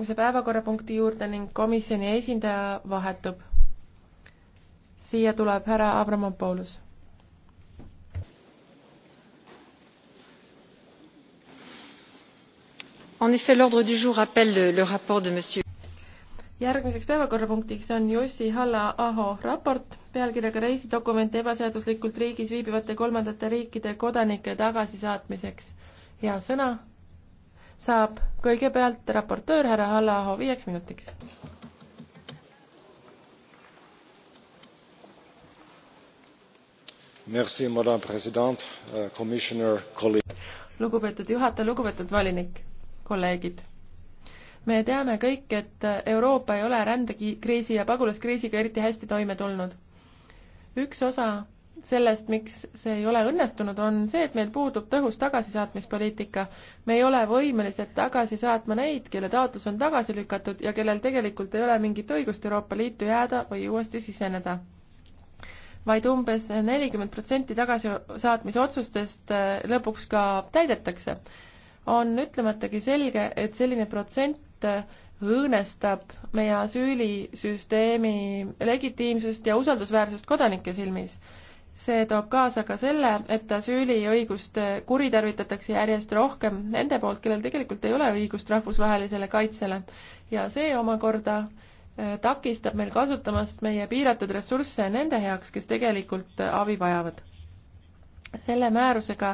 järgmise päevakorrapunkti juurde ning komisjoni esindaja vahetub. siia tuleb härra Abramopoulos. En effet, l'ordre du jour appelle le rapport de monsieur järgmiseks päevakorrapunktiks on Jussi Halla-Aho raport pealkirjaga Reisidokument ebaseaduslikult riigis viibivate kolmandate riikide kodanike tagasisaatmiseks. hea sõna saab kõigepealt raportöör härra Hallaho viieks minutiks. Merci, madame president, euh, commissioner, kolleeg. lugupeetud juhataja, lugupeetud volinik, kolleegid me teame kõik, et Euroopa ei ole rändekriisi ja pagulaskriisiga eriti hästi toime tulnud. üks osa sellest, miks see ei ole õnnestunud, on see, et meil puudub tõhus tagasisaatmispoliitika. me ei ole võimelised tagasi saatma neid, kelle taotlus on tagasi lükatud ja kellel tegelikult ei ole mingit õigust Euroopa Liitu jääda või uuesti siseneda. vaid umbes nelikümmend protsenti tagasisaatmise otsustest äh, lõpuks ka täidetakse. on ütlematagi selge, et selline protsent äh, õõnestab meie asüülisüsteemi legitiimsust ja usaldusväärsust kodanike silmis see toob kaasa ka selle, et asüüliõigust kuritarvitatakse järjest rohkem nende poolt, kellel tegelikult ei ole õigust rahvusvahelisele kaitsele. ja see omakorda äh, takistab meil kasutamast meie piiratud ressursse nende heaks, kes tegelikult äh, abi vajavad. selle määrusega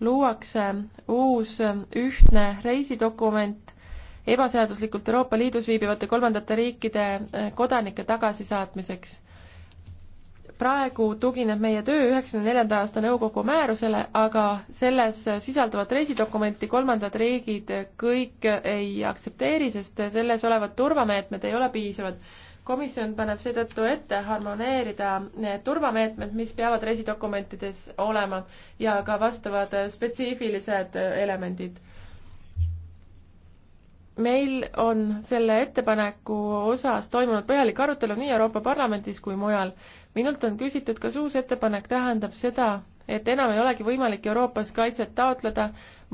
luuakse uus äh, ühtne reisidokument ebaseaduslikult Euroopa Liidus viibivate kolmandate riikide kodanike tagasisaatmiseks praegu tugineb meie töö üheksakümne neljanda aasta nõukogu määrusele, aga selles sisalduvat reisidokumenti kolmandad riigid kõik ei aktsepteeri, sest selles olevad turvameetmed ei ole piisavad. komisjon paneb seetõttu ette harmoneerida need turvameetmed, mis peavad reisidokumentides olema ja ka vastavad spetsiifilised elemendid meil on selle ettepaneku osas toimunud põhjalik arutelu nii Euroopa Parlamendis kui mujal minult on küsitud, kas uus ettepanek tähendab seda, et enam ei olegi võimalik Euroopas kaitset taotleda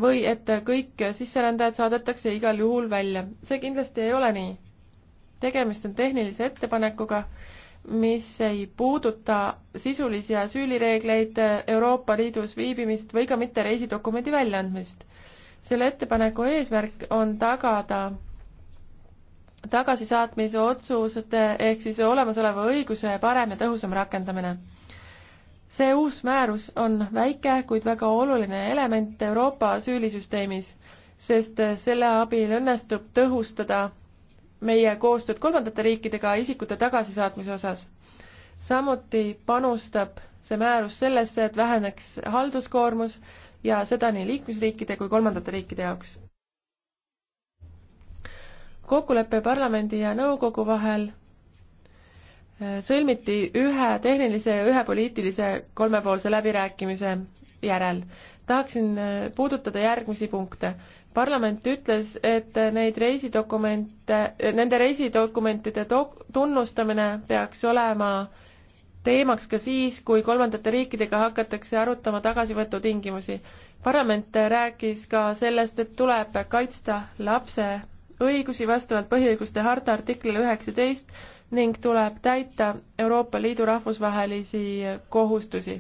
või et kõik sisserändajad saadetakse igal juhul välja. see kindlasti ei ole nii. tegemist on tehnilise ettepanekuga, mis ei puuduta sisulisi asüülireegleid, Euroopa Liidus viibimist või ka mitte reisidokumendi väljaandmist. selle ettepaneku eesmärk on tagada tagasisaatmise otsuste ehk siis olemasoleva õiguse parem ja tõhusam rakendamine. see uus määrus on väike, kuid väga oluline element Euroopa asüülisüsteemis, sest selle abil õnnestub tõhustada meie koostööd kolmandate riikidega isikute tagasisaatmise osas. samuti panustab see määrus sellesse, et väheneks halduskoormus ja seda nii liikmesriikide kui kolmandate riikide jaoks kokkulepe parlamendi ja nõukogu vahel äh, sõlmiti ühe tehnilise ja ühe poliitilise kolmepoolse läbirääkimise järel. tahaksin äh, puudutada järgmisi punkte. parlament ütles, et neid reisidokumente, nende reisidokumentide dok-, tunnustamine peaks olema teemaks ka siis, kui kolmandate riikidega hakatakse arutama tagasivõtutingimusi. parlament rääkis ka sellest, et tuleb kaitsta lapse õigusi vastavalt põhiõiguste harta artiklile üheksateist ning tuleb täita Euroopa Liidu rahvusvahelisi kohustusi.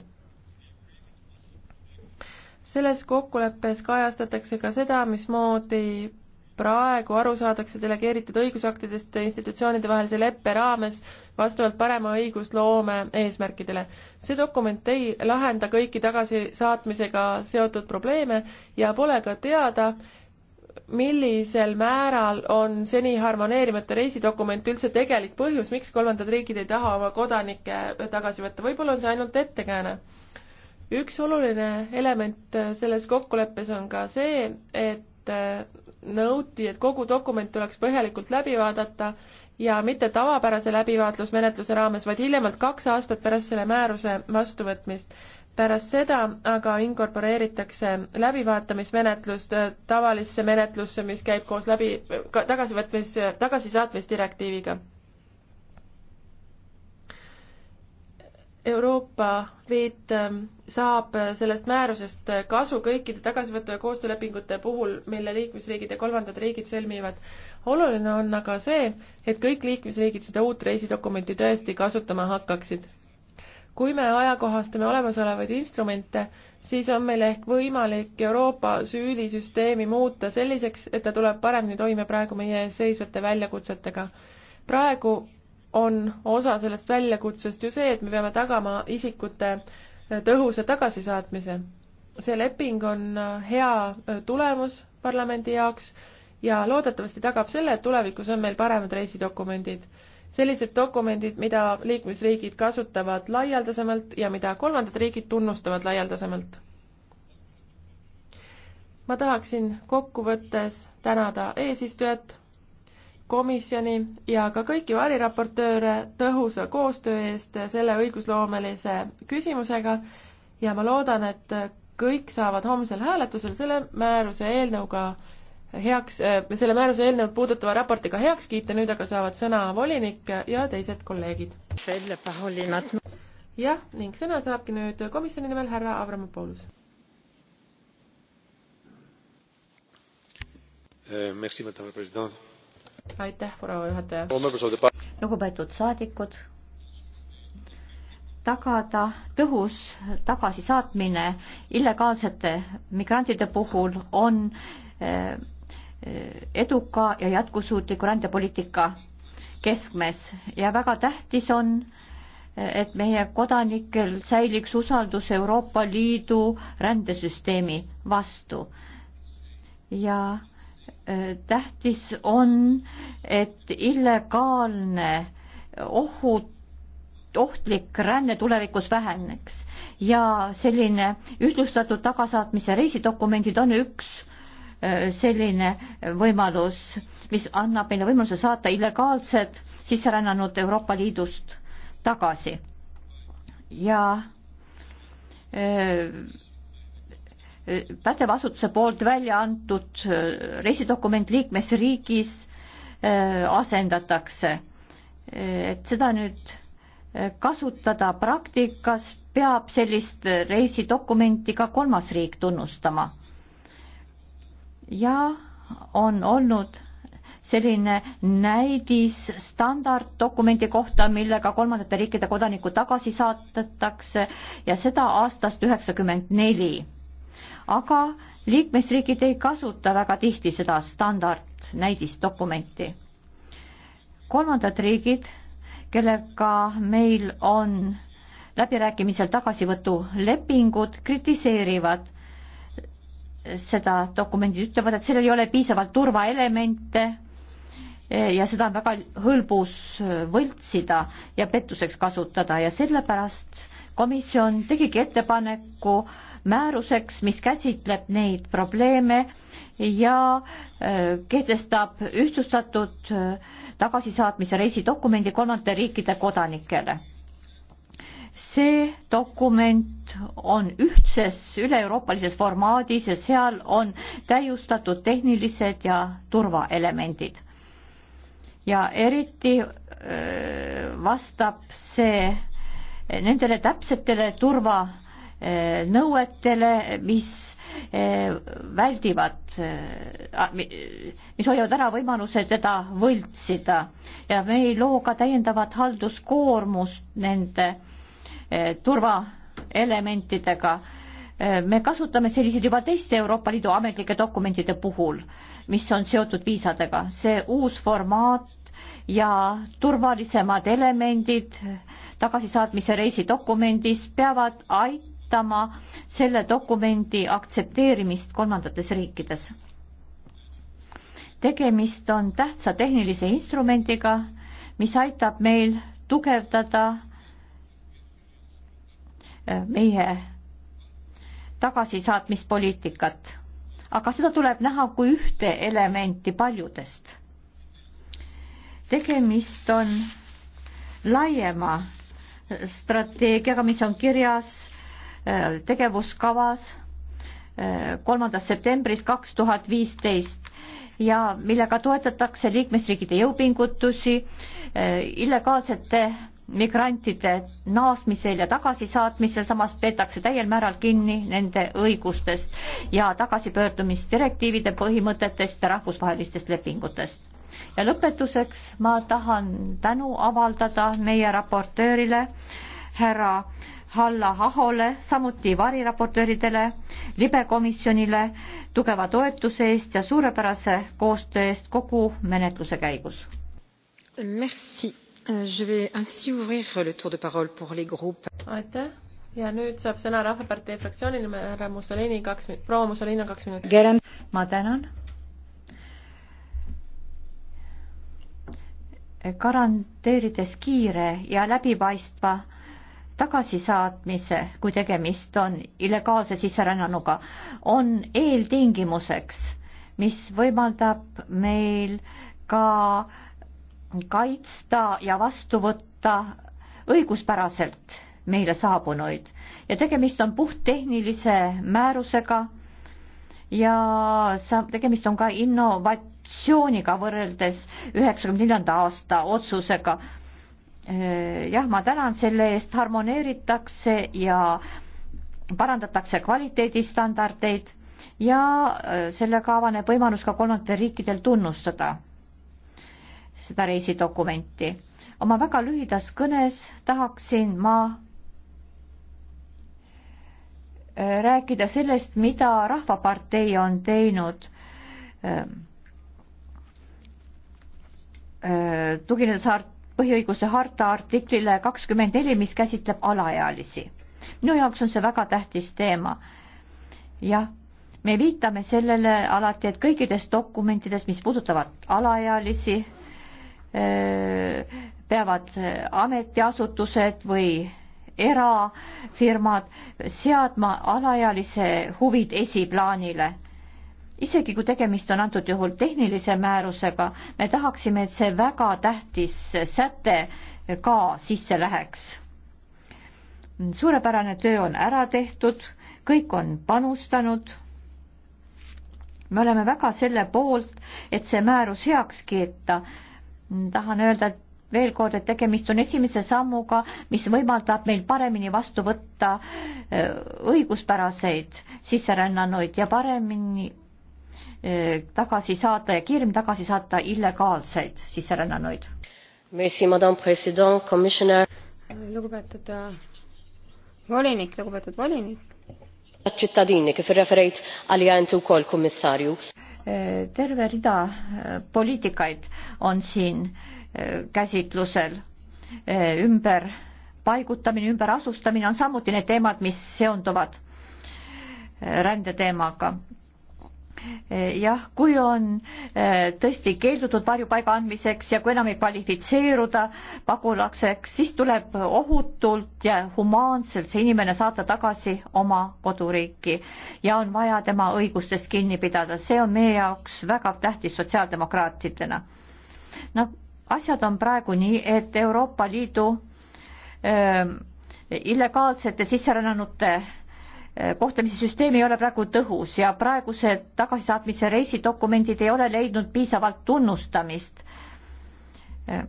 selles kokkuleppes kajastatakse ka seda, mismoodi praegu aru saadakse delegeeritud õigusaktidest institutsioonide vahelise leppe raames vastavalt parema õigusloome eesmärkidele. see dokument ei lahenda kõiki tagasisaatmisega seotud probleeme ja pole ka teada, millisel määral on seni harmoneerimata reisidokument üldse tegelik põhjus, miks kolmandad riigid ei taha oma kodanikke tagasi võtta, võib-olla on see ainult ettekääne. üks oluline element selles kokkuleppes on ka see, et nõuti, et kogu dokument tuleks põhjalikult läbi vaadata ja mitte tavapärase läbivaatlusmenetluse raames, vaid hiljemalt kaks aastat pärast selle määruse vastuvõtmist pärast seda aga inkorporeeritakse läbivaatamismenetlust äh, tavalisse menetlusse, mis käib koos läbi, äh, tagasivõtmis, tagasisaatmisdirektiiviga. Euroopa Liit ähm, saab äh, sellest määrusest kasu kõikide tagasivõtu- ja koostöölepingute puhul, mille liikmesriigid ja kolmandad riigid sõlmivad. oluline on aga see, et kõik liikmesriigid seda uut reisidokumenti tõesti kasutama hakkaksid kui me ajakohastame olemasolevaid instrumente, siis on meil ehk võimalik Euroopa süülisüsteemi muuta selliseks, et ta tuleb paremini toime praegu meie ees seisvate väljakutsetega. praegu on osa sellest väljakutsest ju see, et me peame tagama isikute äh, tõhusa tagasisaatmise. see leping on äh, hea äh, tulemus parlamendi jaoks ja loodetavasti tagab selle, et tulevikus on meil paremad reisidokumendid. sellised dokumendid, mida liikmesriigid kasutavad laialdasemalt ja mida kolmandad riigid tunnustavad laialdasemalt. ma tahaksin kokkuvõttes tänada eesistujat, komisjoni ja ka kõiki variraportööre tõhusa koostöö eest selle õigusloomelise küsimusega ja ma loodan, et kõik saavad homsel hääletusel selle määruse eelnõuga heaks, äh, selle määruse eelnõu puudutava raportiga heaks kiita, nüüd aga saavad sõna volinik ja teised kolleegid. jah, ning sõna saabki nüüd komisjoni nimel härra Avramopoulos. Eh, aitäh, proua juhataja. lugupeetud saadikud, tagada tõhus tagasisaatmine illegaalsete migrantide puhul on eh, eduka ja jätkusuutliku rändepoliitika keskmes ja väga tähtis on, et meie kodanikel säiliks usaldus Euroopa Liidu rändesüsteemi vastu. ja äh, tähtis on, et illegaalne ohud ohtlik ränne tulevikus väheneks ja selline ühtlustatud tagasaatmise reisidokumendid on üks Äh, selline võimalus, mis annab meile võimaluse saata illegaalsed sisserännanud Euroopa Liidust tagasi. ja äh, äh, pädeva asutuse poolt välja antud reisidokument liikmesriigis asendatakse. et seda nüüd kasutada praktikas, peab sellist reisidokumenti ka kolmas riik tunnustama ja on olnud selline näidisstandard dokumendi kohta, millega kolmandate riikide kodanikud tagasi saadetakse ja seda aastast üheksakümmend neli. aga liikmesriigid ei kasuta väga tihti seda standard näidisdokumenti. kolmandad riigid, kellega meil on läbirääkimisel tagasivõtulepingud, kritiseerivad seda dokumendid ütlevad, et sellel ei ole piisavalt turvaelemente ja seda on väga hõlbus võltsida ja pettuseks kasutada ja sellepärast komisjon tegigi ettepaneku määruseks, mis käsitleb neid probleeme ja äh, kehtestab ühtsustatud äh, tagasisaatmise reisidokumendi kolmandate riikide kodanikele see dokument on ühtses üle-euroopalises formaadis ja seal on täiustatud tehnilised ja turvaelemendid. ja eriti vastab see nendele täpsetele turvanõuetele, mis väldivad, mis hoiavad ära võimaluse teda võltsida ja me ei loo ka täiendavat halduskoormust nende äh, Eh, turvaelementidega. Eh, me kasutame selliseid juba teiste Euroopa Liidu ametlike dokumentide puhul, mis on seotud viisadega. see uus formaat ja turvalisemad elemendid tagasisaatmise reisidokumendis peavad aitama selle dokumendi aktsepteerimist kolmandates riikides. tegemist on tähtsa tehnilise instrumendiga, mis aitab meil tugevdada meie tagasisaatmispoliitikat. aga seda tuleb näha kui ühte elementi paljudest. tegemist on laiema strateegiaga, mis on kirjas äh, tegevuskavas äh, kolmandast septembrist kaks tuhat viisteist ja millega toetatakse liikmesriikide jõupingutusi äh, illegaalsete migrantide naasmisel ja tagasisaatmisel, samas peetakse täiel määral kinni nende õigustest ja tagasipöördumisdirektiivide põhimõtetest ja rahvusvahelistest lepingutest. ja lõpetuseks ma tahan tänu avaldada meie raportöörile härra Halla Ahole, samuti variraportööridele, libekomisjonile tugeva toetuse eest ja suurepärase koostöö eest kogu menetluse käigus. Merci Euh, aitäh ja nüüd saab sõna Rahvapartei fraktsiooni nimel härra Mussolini kaks, proua Mussolini kaks minutit. ma tänan. garanteerides kiire ja läbipaistva tagasisaatmise, kui tegemist on illegaalse sisserännanuga, on eeltingimuseks, mis võimaldab meil ka äh, kaitsta ja vastu võtta õiguspäraselt meile saabunuid ja tegemist on puhttehnilise määrusega ja sa, tegemist on ka innovatsiooniga võrreldes üheksakümne neljanda aasta otsusega. jah, ma tänan selle eest, harmoneeritakse ja parandatakse kvaliteedistandardeid ja sellega avaneb võimalus ka kolmandatel riikidel tunnustada seda reisidokumenti. oma väga lühidas kõnes tahaksin ma äh, rääkida sellest, mida Rahvapartei on teinud, äh, äh, tuginedes põhiõiguste harta artiklile kakskümmend neli, mis käsitleb alaealisi. minu jaoks on see väga tähtis teema. jah, me viitame sellele alati, et kõikides dokumentides, mis puudutavad alaealisi, Äh, peavad ametiasutused või erafirmad seadma alaealise huvid esiplaanile. isegi kui tegemist on antud juhul tehnilise määrusega, me tahaksime, et see väga tähtis säte ka sisse läheks. suurepärane töö on ära tehtud, kõik on panustanud. me oleme väga selle poolt, et see määrus heaks kiita tahan öelda veel kord, et tegemist on esimese sammuga, mis võimaldab meil paremini vastu võtta äh, õiguspäraseid sisserännanuid ja paremini äh, tagasi saata ja kiiremini tagasi saata illegaalseid sisserännanuid. lugupeetud äh, volinik, lugupeetud volinik. ċittadini kif irreferejt għalija intu wkoll kummissarju terve rida eh, poliitikaid on siin eh, käsitlusel eh, ümber paigutamine, ümberasustamine on samuti need teemad, mis seonduvad rändeteemaga jah, kui on eh, tõesti keeldutud varjupaiga andmiseks ja kui enam ei kvalifitseeruda pagulaseks, siis tuleb ohutult ja humaanselt see inimene saata tagasi oma koduriiki ja on vaja tema õigustest kinni pidada, see on meie jaoks väga tähtis sotsiaaldemokraatidena. no asjad on praegu nii, et Euroopa Liidu öö, eh, illegaalsete sisserännanute Eh, kohtlemise süsteem ei ole praegu tõhus ja praegused tagasisaatmise reisidokumendid ei ole leidnud piisavalt tunnustamist eh,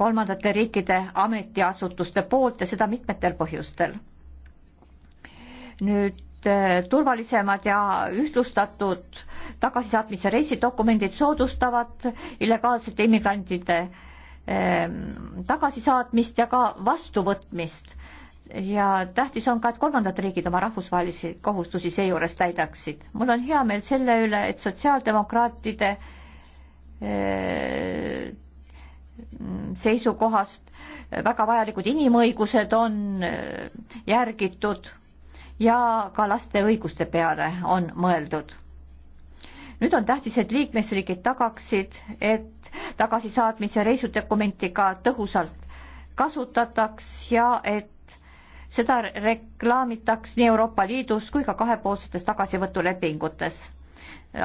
kolmandate riikide ametiasutuste poolt ja seda mitmetel põhjustel. nüüd eh, turvalisemad ja ühtlustatud tagasisaatmise reisidokumendid soodustavad illegaalsete immigrantide tagasisaatmist ja ka vastuvõtmist ja tähtis on ka, et kolmandad riigid oma rahvusvahelisi kohustusi seejuures täidaksid. mul on hea meel selle üle, et sotsiaaldemokraatide eh, seisukohast väga vajalikud inimõigused on eh, järgitud ja ka laste õiguste peale on mõeldud. nüüd on tähtis, et liikmesriigid tagaksid, et tagasisaatmise reisidokumenti ka tõhusalt kasutataks ja et seda reklaamitaks nii Euroopa Liidus kui ka kahepoolsetes tagasivõtulepingutes.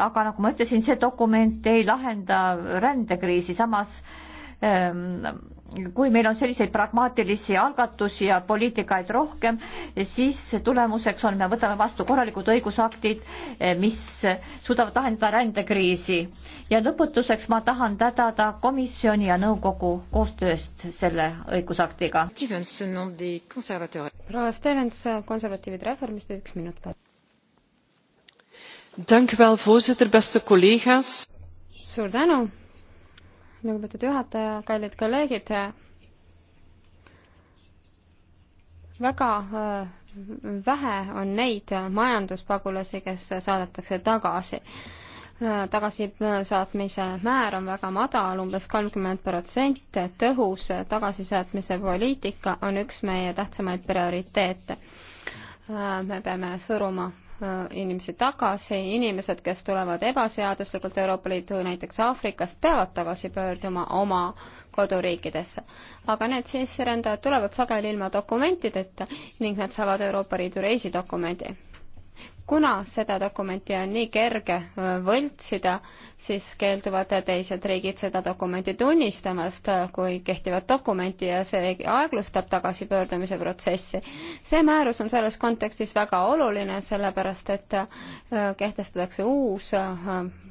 aga nagu ma ütlesin, see dokument ei lahenda rändekriisi, samas ähm, kui meil on selliseid pragmaatilisi algatusi ja poliitikaid rohkem, siis tulemuseks on, me võtame vastu korralikud õigusaktid, eh, mis suudavad lahendada rändekriisi. ja lõpetuseks ma tahan tänada komisjoni ja nõukogu koostööst selle õigusaktiga. proua Stevens, konservatiivid reformist, üks minut palun. Dank u wel, voorzitter, beste collega's. Suur tänu, lugupeetud juhataja, kallid kolleegid. väga äh, vähe on neid majanduspagulasi, kes saadetakse tagasi äh, tagasisaatmise määr on väga madal, umbes kolmkümmend protsenti, tõhus tagasisaatmise poliitika on üks meie tähtsamaid prioriteete. Äh, me peame suruma Äh, inimesi tagasi, inimesed, kes tulevad ebaseaduslikult Euroopa Liitu, näiteks Aafrikast, peavad tagasi pöörduma oma koduriikidesse. aga need sisserändajad tulevad sageli ilma dokumentideta ning nad saavad Euroopa Liidu reisidokumendi kuna seda dokumenti on nii kerge äh, võltsida, siis keelduvad teised riigid seda dokumenti tunnistamast äh, kui kehtivat dokumenti ja see aeglustab tagasipöördumise protsessi. see määrus on selles kontekstis väga oluline, sellepärast et äh, kehtestatakse uus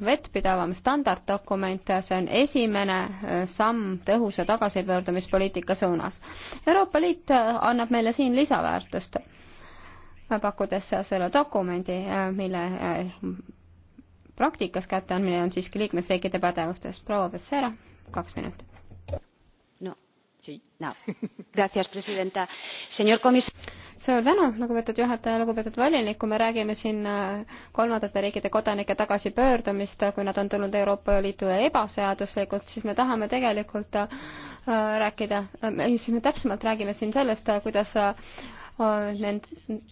vettpidavam standarddokument ja see on esimene samm tõhusa tagasipöördumispoliitika suunas. Euroopa Liit annab meile siin lisaväärtust pakkudes selle dokumendi, mille eh, praktikas kätteandmine on siiski liikmesriikide pädevustes. proua Becerra, kaks minutit. no, no, gracias, presidenta, senor komis-. suur tänu, lugupeetud juhataja, lugupeetud volinik, kui me räägime siin eh, kolmandate riikide kodanike tagasipöördumist, kui nad on tulnud Euroopa Liitu ebaseaduslikult, siis me tahame tegelikult eh, rääkida, siis me täpsemalt räägime siin sellest, kuidas nend-,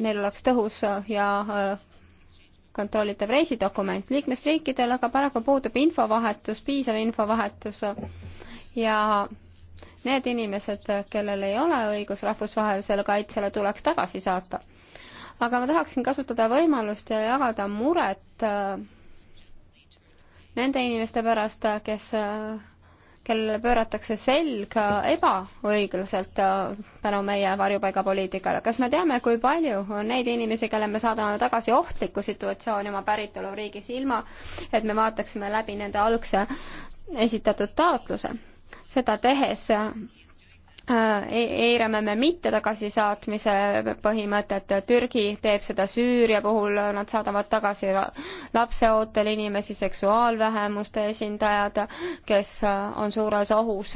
neil oleks tõhus ja äh, kontrollitav reisidokument. liikmesriikidel aga paraku puudub infovahetus, piisav infovahetus ja need inimesed, kellel ei ole õigus rahvusvahelisele kaitsele, tuleks tagasi saata. aga ma tahaksin kasutada võimalust ja jagada muret äh, nende inimeste pärast, kes äh, kellele pööratakse selg ebaõiglaselt äh, tänu meie varjupaigapoliitikale. kas me teame, kui palju on neid inimesi, kelle me saadame tagasi ohtlikku situatsiooni oma päritoluriigis, ilma et me vaataksime läbi nende algse esitatud taotluse? seda tehes Äh, e-, eirame me mitte tagasisaatmise põhimõtet, Türgi teeb seda Süüria puhul, nad saadavad tagasi lapseootel inimesi, seksuaalvähemuste esindajad, kes äh, on suures ohus,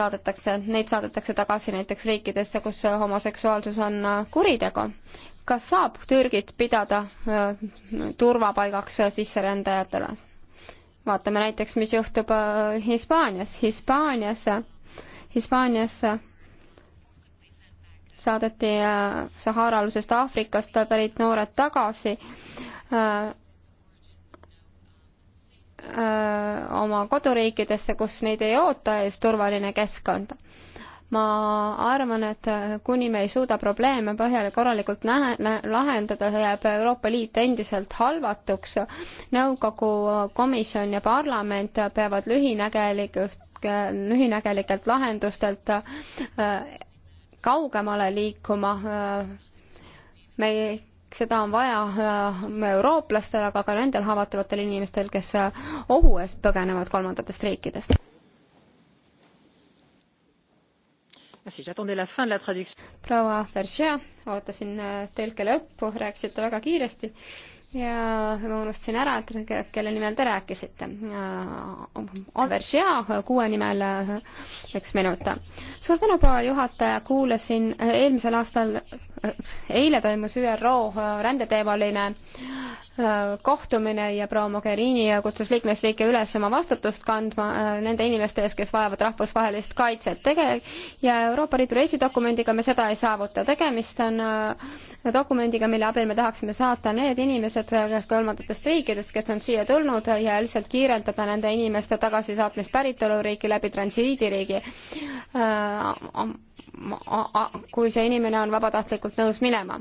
saadetakse, neid saadetakse tagasi näiteks riikidesse, kus homoseksuaalsus on äh, kuritegu. kas saab Türgit pidada turvapaigaks sisserändajatele? vaatame näiteks, mis juhtub Hispaanias, Hispaanias Hispaaniasse saadeti äh, Sahara-alusest Aafrikast pärit noored tagasi äh, äh, oma koduriikidesse, kus neid ei oota ees turvaline keskkond. ma arvan, et kuni me ei suuda probleeme põhjal korralikult nähe, lahendada, jääb Euroopa Liit endiselt halvatuks. nõukogu komisjon ja parlament peavad lühinägelikust Äh, lühinägelikelt lahendustelt äh, kaugemale liikuma. Äh, me, seda on vaja eurooplastel, aga ka nendel haavatavatel inimestel, kes ohu eest põgenevad kolmandatest riikidest. Ah, proua Vergea, ootasin tõlke lõppu, rääkisite väga kiiresti ja ma unustasin ära, et kelle nimel te rääkisite. Oliver Žea kuue nimel äh, üks minut. suur tänu, proua juhataja, kuulasin äh, eelmisel aastal eile toimus ÜRO äh, rändeteemaline äh, kohtumine ja proua Mogherini äh, kutsus liikmesriike üles oma vastutust kandma nende inimeste ees, kes vajavad rahvusvahelist kaitset. tege- ja Euroopa Liidu reisidokumendiga me seda ei saavuta. tegemist on dokumendiga, mille abil me tahaksime saata need inimesed kolmandatest riikidest, kes on siia tulnud ja lihtsalt kiirendada nende inimeste tagasisaatmist päritoluriiki läbi transiidiriigi kui see inimene on vabatahtlikult nõus minema.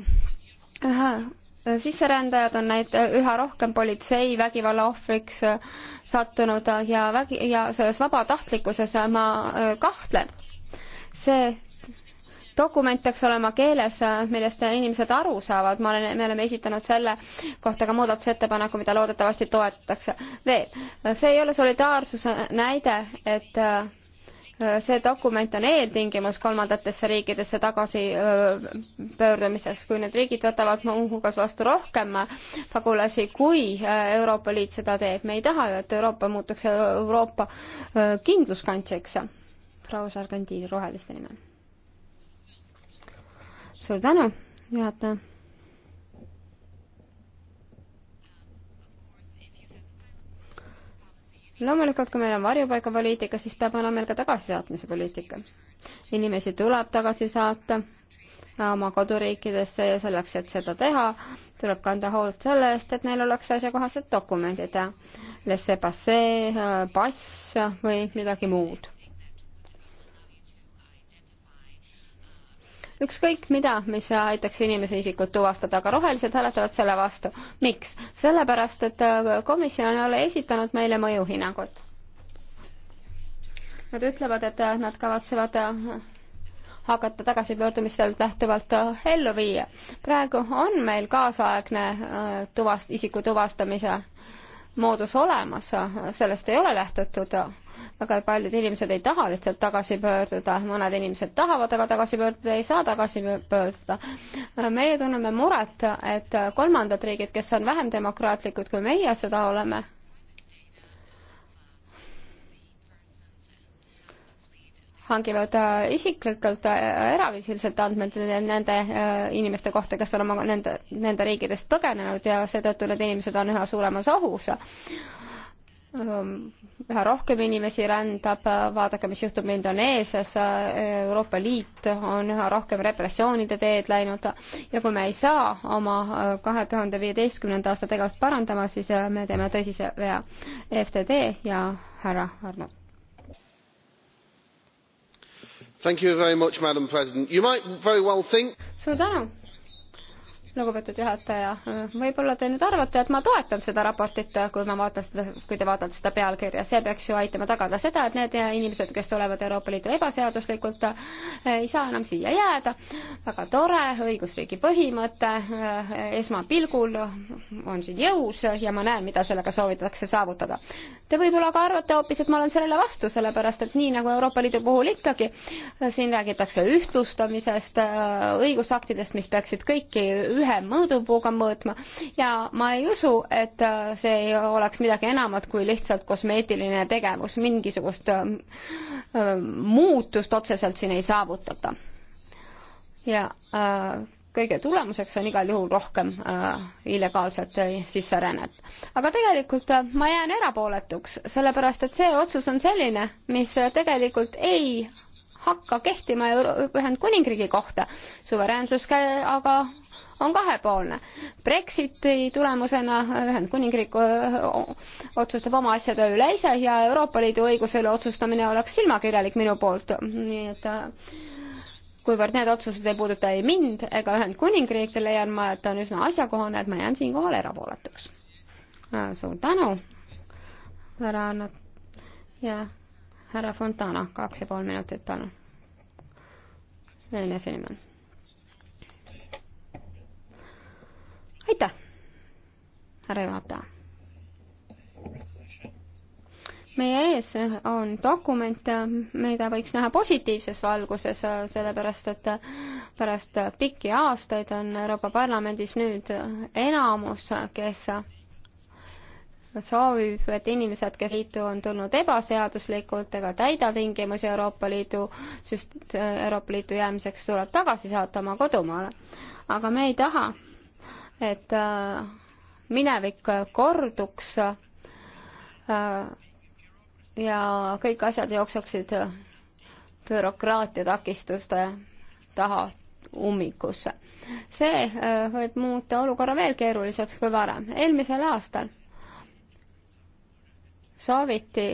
sisserändajad on neid üha rohkem politsei vägivalla ohvriks äh, sattunud ja vägi, ja selles vabatahtlikkuses ma äh, kahtlen. see dokument peaks olema keeles, äh, millest inimesed aru saavad, ma olen, me oleme esitanud selle kohta ka muudatusettepaneku, mida loodetavasti toetatakse. veel, see ei ole solidaarsuse näide, et see dokument on eeltingimus kolmandatesse riikidesse tagasipöördumiseks, kui need riigid võtavad muuhulgas vastu rohkem pagulasi, kui Euroopa Liit seda teeb. me ei taha ju, et Euroopa muutuks Euroopa kindluskantsiks. proua Sargentini roheliste nimel. suur tänu, juhataja loomulikult, kui meil on varjupaigapoliitika, siis peab olema meil ka tagasisaatmise poliitika. inimesi tuleb tagasi saata oma koduriikidesse ja selleks, et seda teha, tuleb kanda hoolt selle eest, et neil oleks asjakohased dokumendid, laissez-passer, pass või midagi muud. ükskõik mida, mis aitaks inimese isikut tuvastada, aga rohelised hääletavad selle vastu. miks? sellepärast, et äh, komisjon ei ole esitanud meile mõjuhinnangut. Nad ütlevad, et äh, nad kavatsevad äh, hakata tagasipöördumistelt lähtuvalt ellu viia. praegu on meil kaasaegne tuvast-, isiku tuvastamise moodus olemas, sellest ei ole lähtutud väga paljud inimesed ei taha lihtsalt tagasi pöörduda, mõned inimesed tahavad aga tagasi pöörduda, ei saa tagasi pöörduda. meie tunneme muret, et kolmandad riigid, kes on vähem demokraatlikud kui meie seda oleme, hangivad äh, isiklikult äh, eraviisiliselt andmed nende äh, inimeste kohta, kes on oma nende, nende riikidest põgenenud ja seetõttu need inimesed on üha suuremas ohus Ehm, üha rohkem inimesi rändab, vaadake, mis juhtub Indoneesias, Euroopa Liit on üha rohkem repressioonide teed läinud ja kui me ei saa oma eh, kahe tuhande viieteistkümnenda aasta tegevust parandama, siis eh, me teeme tõsise vea. FTD ja härra Arno. Thank you very much, madam president. You might very well think suur tänu lugupeetud juhataja, võib-olla te nüüd arvate, et ma toetan seda raportit, kui ma vaatan seda, kui te vaatate seda pealkirja, see peaks ju aitama tagada seda, et need inimesed, kes tulevad Euroopa Liidu ebaseaduslikult, ei saa enam siia jääda. väga tore, õigusriigi põhimõte esmapilgul on siin jõus ja ma näen, mida sellega soovitakse saavutada. Te võib-olla aga arvate hoopis, et ma olen sellele vastu, sellepärast et nii nagu Euroopa Liidu puhul ikkagi, siin räägitakse ühtlustamisest, õigusaktidest, mis peaksid kõiki ühe ühe mõõdupuuga mõõtma ja ma ei usu, et äh, see ei oleks midagi enamat kui lihtsalt kosmeetiline tegevus, mingisugust äh, äh, muutust otseselt siin ei saavutata. ja kõige tulemuseks on igal juhul rohkem äh, illegaalset sisserännet. aga tegelikult äh, ma jään erapooletuks, sellepärast et see otsus on selline, mis tegelikult ei hakka kehtima Ühendkuningriigi kohta. suveräänsus käi-, aga on kahepoolne. Brexiti tulemusena Ühendkuningriik otsustab oma asjade üle ise ja Euroopa Liidu õiguse üle otsustamine oleks silmakirjalik minu poolt, nii et äh, kuivõrd need otsused ei puuduta ei mind ega Ühendkuningriiki, leian ma, et on üsna asjakohane, et ma jään siinkohal erapooletuks. Äh, suur tänu, härra Annot ja härra Fontana, kaks ja pool minutit, palun. Ene Filman aitäh, härra juhataja. meie ees on dokument, mida võiks näha positiivses valguses, sellepärast et pärast pikki aastaid on Euroopa Parlamendis nüüd enamus, kes soovib, et inimesed, kes liitu on tulnud ebaseaduslikult ega täida tingimusi Euroopa Liidu, sest Euroopa Liitu jäämiseks tuleb tagasi saata oma kodumaale. aga me ei taha, et äh, minevik korduks äh, ja kõik asjad jookseksid äh, bürokraatia takistuste taha ummikusse. see võib muuta olukorra veel keeruliseks kui varem. eelmisel aastal sooviti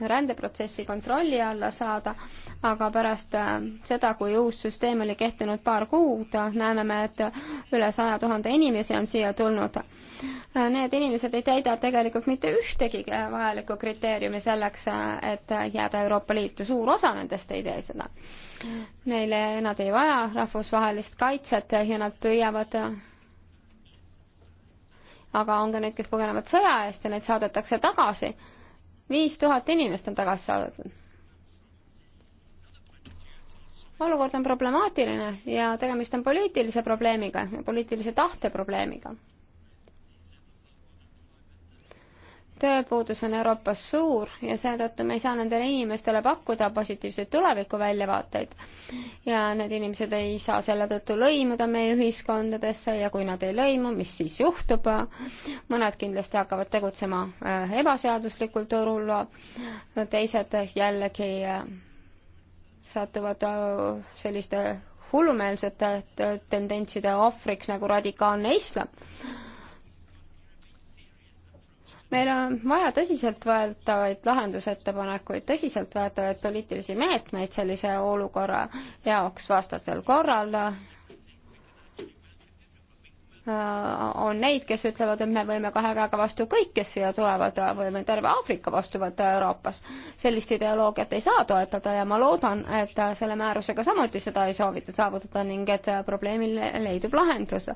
rändeprotsessi kontrolli alla saada, aga pärast äh, seda, kui uus süsteem oli kehtinud paar kuud, näeme me, et üle saja tuhande inimesi on siia tulnud. Äh, need inimesed ei täida tegelikult mitte ühtegi vajalikku kriteeriumi selleks, äh, et jääda Euroopa Liitu, suur osa nendest ei tee seda. Neile, nad ei vaja rahvusvahelist kaitset ja nad püüavad aga on ka need, kes põgenevad sõja eest ja neid saadetakse tagasi viis tuhat inimest on tagasi saadetud. olukord on problemaatiline ja tegemist on poliitilise probleemiga, poliitilise tahte probleemiga tööpuudus on Euroopas suur ja seetõttu me ei saa nendele inimestele pakkuda positiivseid tulevikuväljavaateid. ja need inimesed ei saa selle tõttu lõimuda meie ühiskondadesse ja kui nad ei lõimu, mis siis juhtub? mõned kindlasti hakkavad tegutsema äh, ebaseaduslikul turul, teised jällegi äh, satuvad äh, selliste hullumeelsete tendentside ohvriks nagu radikaalne islam meil on vaja tõsiseltvõetavaid lahendusettepanekuid, tõsiseltvõetavaid poliitilisi meetmeid sellise olukorra jaoks vastasel korral Äh, on neid, kes ütlevad, et me võime kahe käega vastu kõik, kes siia tulevad, äh, võime terve Aafrika vastu võtta Euroopas. sellist ideoloogiat ei saa toetada ja ma loodan, et äh, selle määrusega samuti seda ei soovita saavutada ning et probleemile leidub lahendus.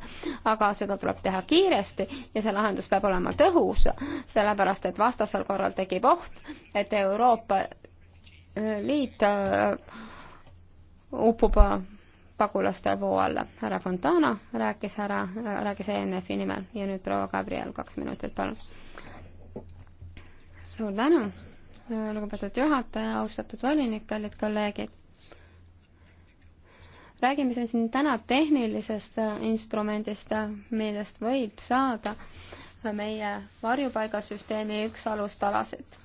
aga seda tuleb teha kiiresti ja see lahendus peab olema tõhus, sellepärast et vastasel korral tekib oht, et Euroopa Liit upub pagulaste voo alla. härra Fontana rääkis ära, rääkis ENF-i nimel ja nüüd proua Gabriel, kaks minutit, palun. suur tänu, lugupeetud juhataja, austatud volinik, kallid kolleegid räägime siin täna tehnilisest instrumendist, millest võib saada meie varjupaigasüsteemi üks alustalasid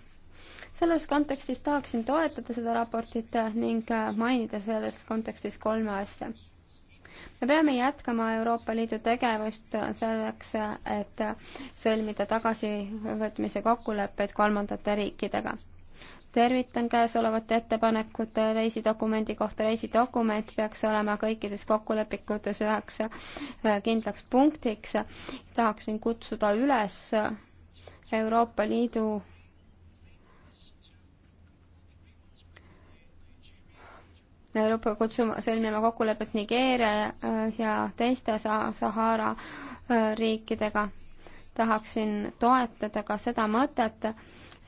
selles kontekstis tahaksin toetada seda raportit ning äh, mainida selles kontekstis kolme asja. me peame jätkama Euroopa Liidu tegevust selleks, et sõlmida tagasivõtmise kokkuleppeid kolmandate riikidega tervitan käesolevat ettepanekut reisidokumendi kohta. reisidokument peaks olema kõikides kokkulepikutes üheks äh, kindlaks punktiks. tahaksin kutsuda üles Euroopa Liidu Euroopa kutsuma, sõlmima kokkulepet Nigeeria äh, ja teiste Sahara äh, riikidega. tahaksin toetada ka seda mõtet,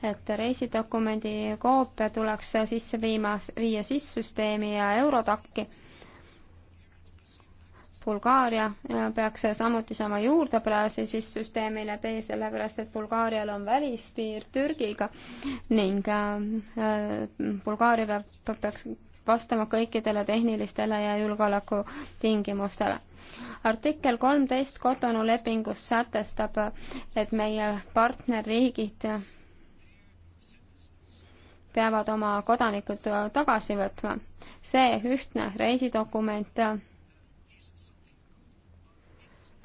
et reisidokumendi koopia tuleks sisse viima, viia SIS-süsteemi ja Eurodac'i. Bulgaaria äh, peaks samuti saama juurdepääsu SIS-süsteemile, sellepärast et Bulgaarial on välispiir Türgiga ning Bulgaaria peab, peaks vastama kõikidele tehnilistele ja julgeolekutingimustele. artikkel kolmteist Kotonu lepingus sätestab, et meie partnerriigid peavad oma kodanikud tagasi võtma. see ühtne reisidokument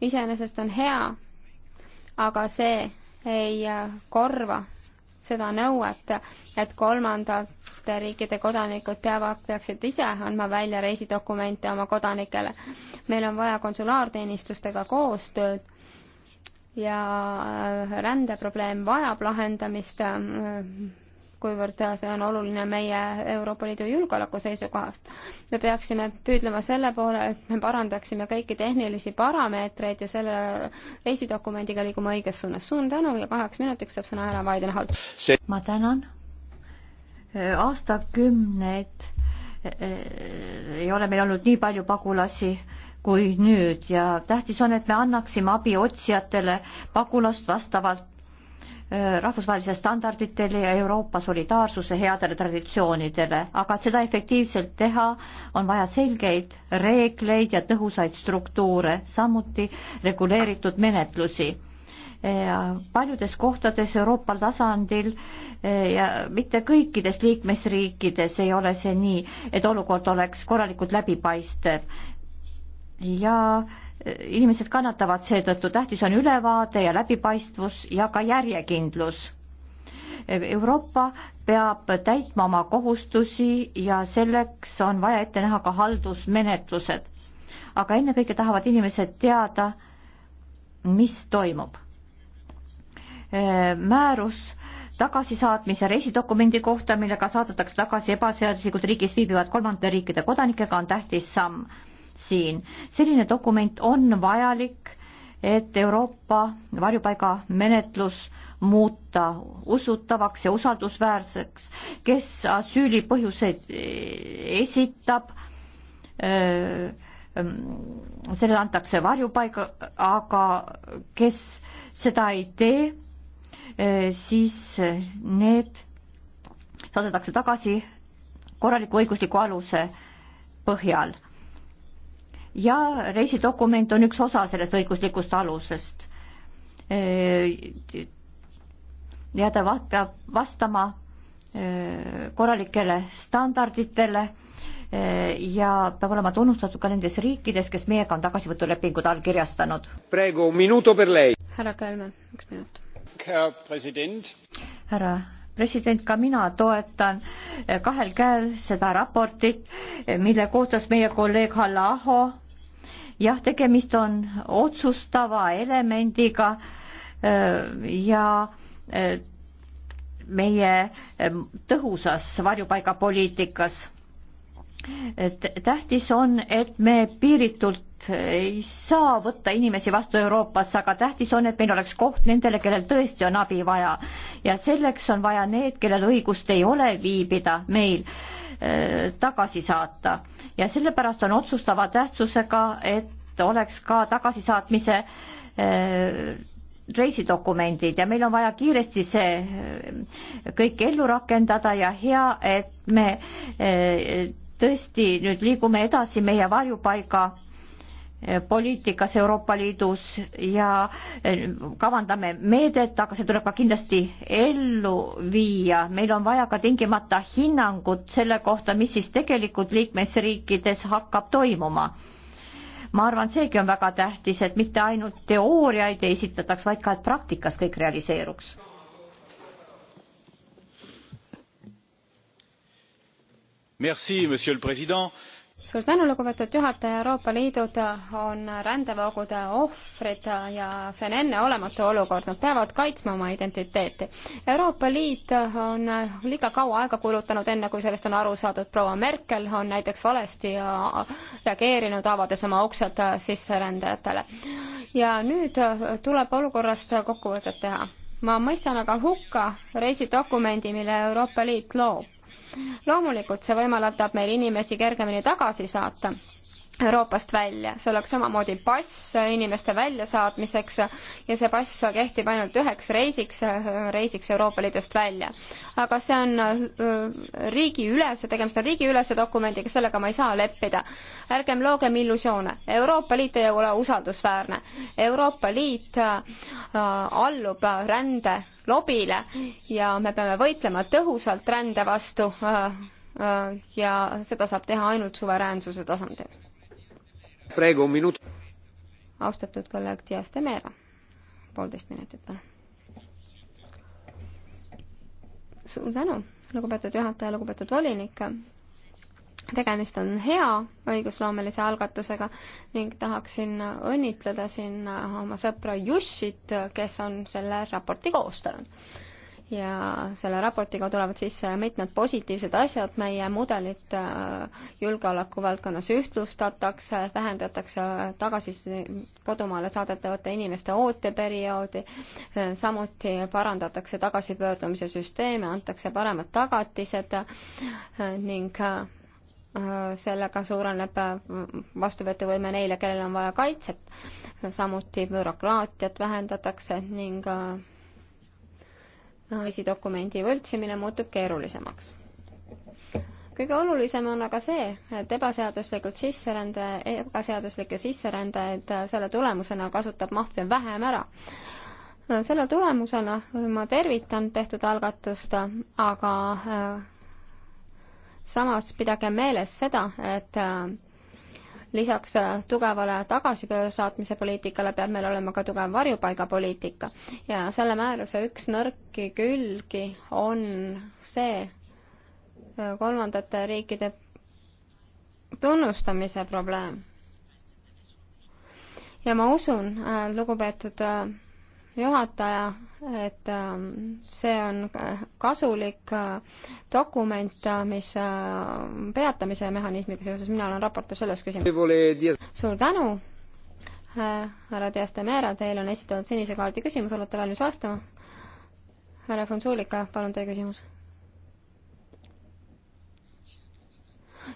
iseenesest on hea, aga see ei korva seda nõuet, et kolmandate riikide kodanikud peavad, peaksid ise andma välja reisidokumente oma kodanikele. meil on vaja konsulaarteenistustega koostööd ja äh, rändeprobleem vajab lahendamist äh, kuivõrd see on oluline meie Euroopa Liidu julgeoleku seisukohast. me peaksime püüdlema selle poole, et me parandaksime kõiki tehnilisi parameetreid ja selle reisidokumendiga liigume õiges suunas. suur tänu ja kaheks minutiks saab sõna härra Weidenholz. ma tänan. aastakümneid eh, eh, ei ole meil olnud nii palju pagulasi kui nüüd ja tähtis on, et me annaksime abi otsijatele pagulast vastavalt Äh, rahvusvahelise standarditele ja Euroopa solidaarsuse headele traditsioonidele, aga et seda efektiivselt teha, on vaja selgeid reegleid ja tõhusaid struktuure, samuti reguleeritud menetlusi. Äh, paljudes kohtades Euroopa tasandil äh, ja mitte kõikides liikmesriikides ei ole see nii, et olukord oleks korralikult läbipaistev ja äh, inimesed kannatavad seetõttu, tähtis on ülevaade ja läbipaistvus ja ka järjekindlus. Euroopa peab täitma oma kohustusi ja selleks on vaja ette näha ka haldusmenetlused. aga ennekõike tahavad inimesed teada, mis toimub. määrus tagasisaatmise reisidokumendi kohta, millega saadetakse tagasi ebaseaduslikult riigis viibivad kolmandate riikide kodanikega, on tähtis samm siin. selline dokument on vajalik, et Euroopa varjupaigamenetlus muuta usutavaks ja usaldusväärseks, kes asüüli põhjuseid eh, esitab, eh, mm, sellele antakse varjupaiga, aga kes seda ei tee, eh, siis need saadetakse tagasi korraliku õigusliku aluse põhjal ja reisidokument on üks osa sellest õiguslikust alusest. ja ta peab vastama korralikele standarditele ja peab olema tunnustatud ka nendes riikides, kes meiega on tagasivõtulepingud allkirjastanud. praegu minuto per lei. härra Kölmel, üks minut. härra president. härra president, ka mina toetan kahel käel seda raportit, mille koostas meie kolleeg Halla Aho jah, tegemist on otsustava elemendiga äh, ja äh, meie äh, tõhusas varjupaigapoliitikas. tähtis on, et me piiritult ei saa võtta inimesi vastu Euroopasse, aga tähtis on, et meil oleks koht nendele, kellel tõesti on abi vaja. ja selleks on vaja need, kellel õigust ei ole viibida meil Äh, tagasi saata ja sellepärast on otsustava tähtsusega, et oleks ka tagasisaatmise äh, reisidokumendid ja meil on vaja kiiresti see äh, kõik ellu rakendada ja hea, et me tõesti nüüd liigume edasi meie varjupaiga poliitikas Euroopa Liidus ja eh, kavandame meedet, aga see tuleb ka kindlasti ellu viia. meil on vaja ka tingimata hinnangut selle kohta, mis siis tegelikult liikmesriikides hakkab toimuma. ma arvan, seegi on väga tähtis, et mitte ainult teooriaid ei esitataks, vaid ka, et praktikas kõik realiseeruks. Merci, monsieur le president suur tänu, lugupeetud juhataja, Euroopa Liidud on rändevoogude ohvrid ja see on enneolematu olukord, nad peavad kaitsma oma identiteeti. Euroopa Liit on liiga kaua aega kulutanud, enne kui sellest on aru saadud, proua Merkel on näiteks valesti reageerinud, avades oma uksed sisserändajatele. ja nüüd tuleb olukorrast kokkuvõtet teha. ma mõistan aga hukka reisidokumendi, mille Euroopa Liit loob loomulikult see võimaldab meil inimesi kergemini tagasi saata Euroopast välja, see oleks samamoodi pass inimeste väljasaatmiseks ja see pass kehtib ainult üheks reisiks, reisiks Euroopa Liidust välja. aga see on äh, riigiülese, tegemist on riigiülese dokumendiga, sellega ma ei saa leppida. ärgem loogem illusioone, Euroopa Liit ei ole usaldusväärne. Euroopa Liit äh, allub rände lobile ja me peame võitlema tõhusalt rände vastu äh, ja seda saab teha ainult suveräänsuse tasandil austatud kolleeg Dias de Mera, poolteist minutit, palun. suur tänu, lugupeetud juhataja, lugupeetud volinik. tegemist on hea õigusloomelise algatusega ning tahaksin õnnitleda siin oma sõpra Jussit, kes on selle raporti koostanud ja selle raportiga tulevad sisse mitmed positiivsed asjad, meie mudelit äh, julgeoleku valdkonnas ühtlustatakse, vähendatakse tagasi kodumaale saadetavate inimeste ooteperioodi, äh, samuti parandatakse tagasipöördumise süsteeme, antakse paremad tagatised äh, ning sellega suureneb vastuvõtuvõime neile, kellel on vaja kaitset. samuti bürokraatiat vähendatakse ning naisidokumendi võltsimine muutub keerulisemaks. kõige olulisem on aga see, et ebaseaduslikud sisserände, ebaseaduslikke sisserändajaid äh, selle tulemusena kasutab maffia vähem ära äh, selle tulemusena ma tervitan tehtud algatust, aga äh, samas pidage meeles seda, et lisaks äh, tugevale tagasipööra saatmise poliitikale peab meil olema ka tugev varjupaigapoliitika ja selle määruse üks nõrki külgi on see äh, kolmandate riikide tunnustamise probleem. ja ma usun, äh, lugupeetud juhataja, et ähm, see on kasulik äh, dokument, äh, mis äh, peatamise mehhanismiga seoses, mina olen raportöör selles küsimuses. suur tänu, härra Dias de Mera, teile on esitatud sinise kaardi küsimus, olete valmis vastama? härra Fonsulika, palun teie küsimus.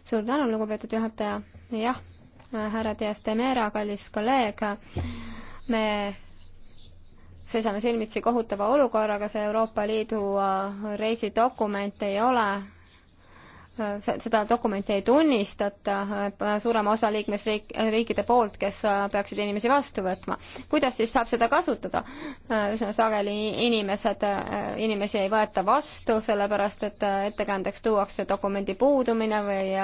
suur tänu, lugupeetud juhataja, jah, härra Dias de Mera, kallis kolleeg, me seisame silmitsi kohutava olukorraga, see Euroopa Liidu äh, reisidokument ei ole äh, seda dokumenti ei tunnistata äh, suurema osa liikmesriik, riikide poolt, kes peaksid inimesi vastu võtma. kuidas siis saab seda kasutada? üsna sageli inimesed, inimesi ei võeta vastu, sellepärast et ettekäändeks tuuakse dokumendi puudumine või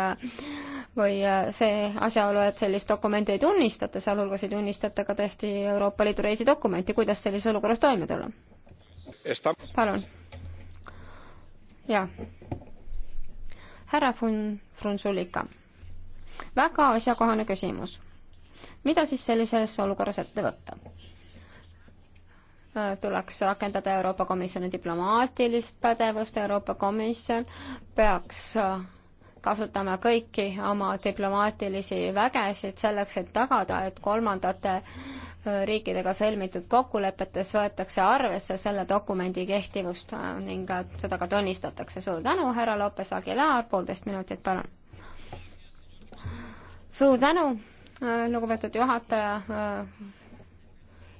või äh, see asjaolu, et sellist dokumenti ei tunnistata, sealhulgas ei tunnistata ka tõesti Euroopa Liidu reisidokumenti, kuidas sellises olukorras toime tulla? palun. jaa. härra Fun-, Frunzulika, väga asjakohane küsimus. mida siis sellises olukorras ette võtta? Äh, tuleks rakendada Euroopa Komisjoni diplomaatilist pädevust, Euroopa Komisjon peaks äh, kasutame kõiki oma diplomaatilisi vägesid selleks, et tagada, et kolmandate äh, riikidega sõlmitud kokkulepetes võetakse arvesse selle dokumendi kehtivust äh, ning seda ka tunnistatakse. suur tänu, härra Lopes Aguilar, poolteist minutit, palun. suur tänu, äh, lugupeetud juhataja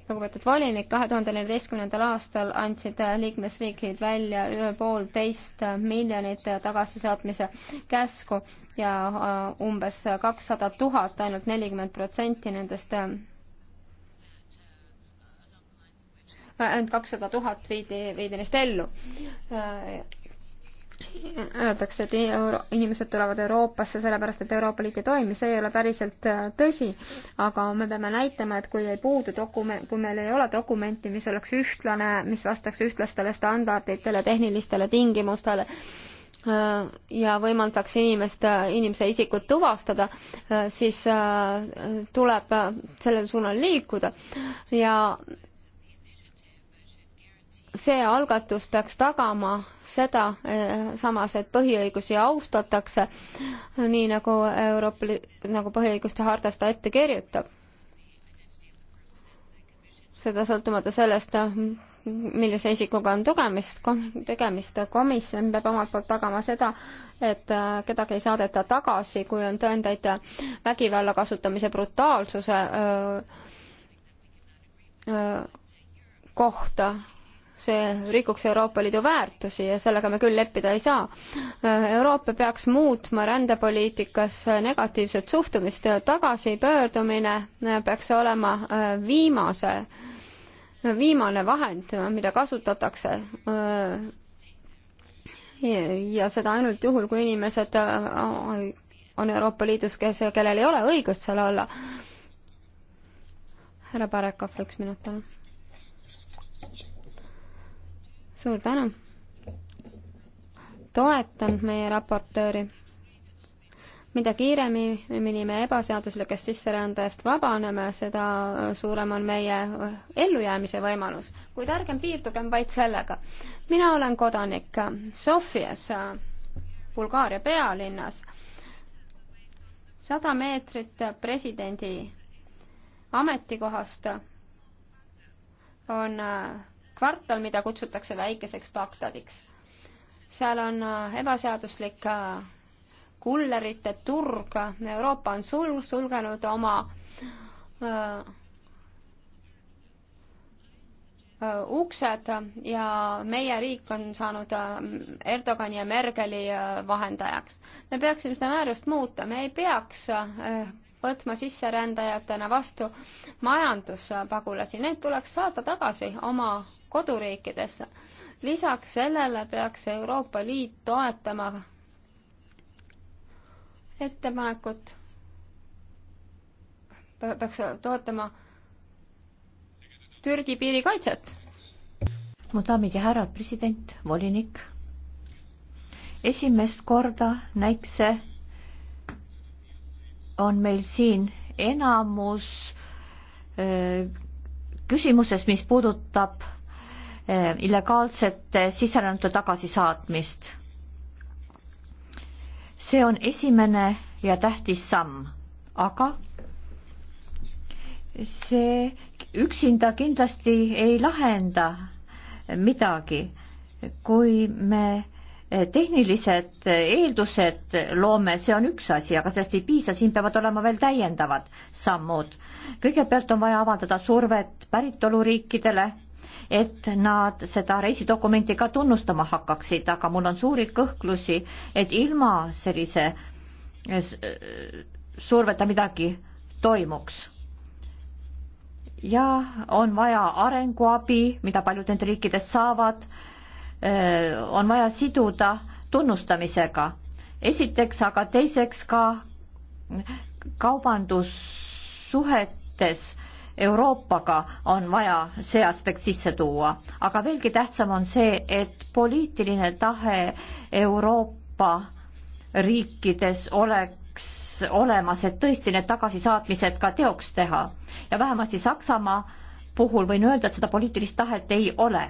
lugupeetud volinik, kahe tuhande neljateistkümnendal aastal andsid äh, liikmesriigid välja poolteist äh, miljonit äh, tagasisaatmise käsku ja umbes kakssada tuhat, ainult nelikümmend protsenti nendest ainult kakssada tuhat viidi, viidi neist ellu öeldakse, et e- euro, inimesed tulevad Euroopasse sellepärast, et Euroopa Liit ei toimi, see ei ole päriselt äh, tõsi, aga me peame näitama, et kui ei puudu dokument, kui meil ei ole dokumenti, mis oleks ühtlane, mis vastaks ühtlastele standarditele, tehnilistele tingimustele, äh, ja võimaldaks inimest, äh, inimese isikut tuvastada, siis tuleb sellel suunal liikuda ja see algatus peaks tagama seda eh, samas, et põhiõigusi austatakse, nii nagu Euroopa, nagu põhiõiguste harta seda ette kirjutab. seda sõltumata sellest, millise isikuga on tugemist, tegemist, komisjon peab omalt poolt tagama seda, et eh, kedagi ei saadeta tagasi, kui on tõendeid vägivalla kasutamise brutaalsuse öö, eh, öö, kohta see rikuks Euroopa Liidu väärtusi ja sellega me küll leppida ei saa. Euroopa peaks muutma rändepoliitikas negatiivset suhtumist, tagasipöördumine peaks olema äh, viimase, viimane vahend, mida kasutatakse äh, ja seda ainult juhul, kui inimesed äh, on Euroopa Liidus, kes, kellel ei ole õigust seal olla. härra Parekov, üks minut palun suur tänu. toetan meie raportööri. mida kiiremini me ebaseaduslikest sisserändajast vabaneme, seda suurem on meie ellujäämise võimalus, kuid ärgem piirdugem vaid sellega. mina olen kodanik Sofias, Bulgaaria pealinnas. sada meetrit presidendi ametikohast on kvartal, mida kutsutakse väikeseks Bagdadiks. seal on äh, ebaseaduslik äh, kullerite turg, Euroopa on sul-, sulgenud oma öö, äh, uksed ja meie riik on saanud Erdogani ja Mergeli vahendajaks. me peaksime seda määrust muuta, me ei peaks võtma sisserändajatena vastu majanduspagulasi, need tuleks saata tagasi oma koduriikidesse. lisaks sellele peaks Euroopa Liit toetama ettepanekut, peaks toetama Türgi piirikaitset. mu daamid ja härrad, president, volinik, esimest korda näikse on meil siin enamus öö, äh, küsimuses, mis puudutab Eh, illegaalset eh, sisserännute tagasisaatmist. see on esimene ja tähtis samm, aga see üksinda kindlasti ei lahenda midagi, kui me eh, tehnilised eeldused loome, see on üks asi, aga sellest ei piisa, siin peavad olema veel täiendavad sammud. kõigepealt on vaja avaldada survet päritoluriikidele et nad seda reisidokumenti ka tunnustama hakkaksid, aga mul on suuri kõhklusi, et ilma sellise eh, eh, surveta midagi toimuks. ja on vaja arenguabi, mida paljud need riikidest saavad, eh, on vaja siduda tunnustamisega. esiteks, aga teiseks ka kaubandussuhetes Euroopaga on vaja see aspekt sisse tuua, aga veelgi tähtsam on see, et poliitiline tahe Euroopa riikides oleks olemas, et tõesti need tagasisaatmised ka teoks teha ja vähemasti Saksamaa puhul võin öelda, et seda poliitilist tahet ei ole.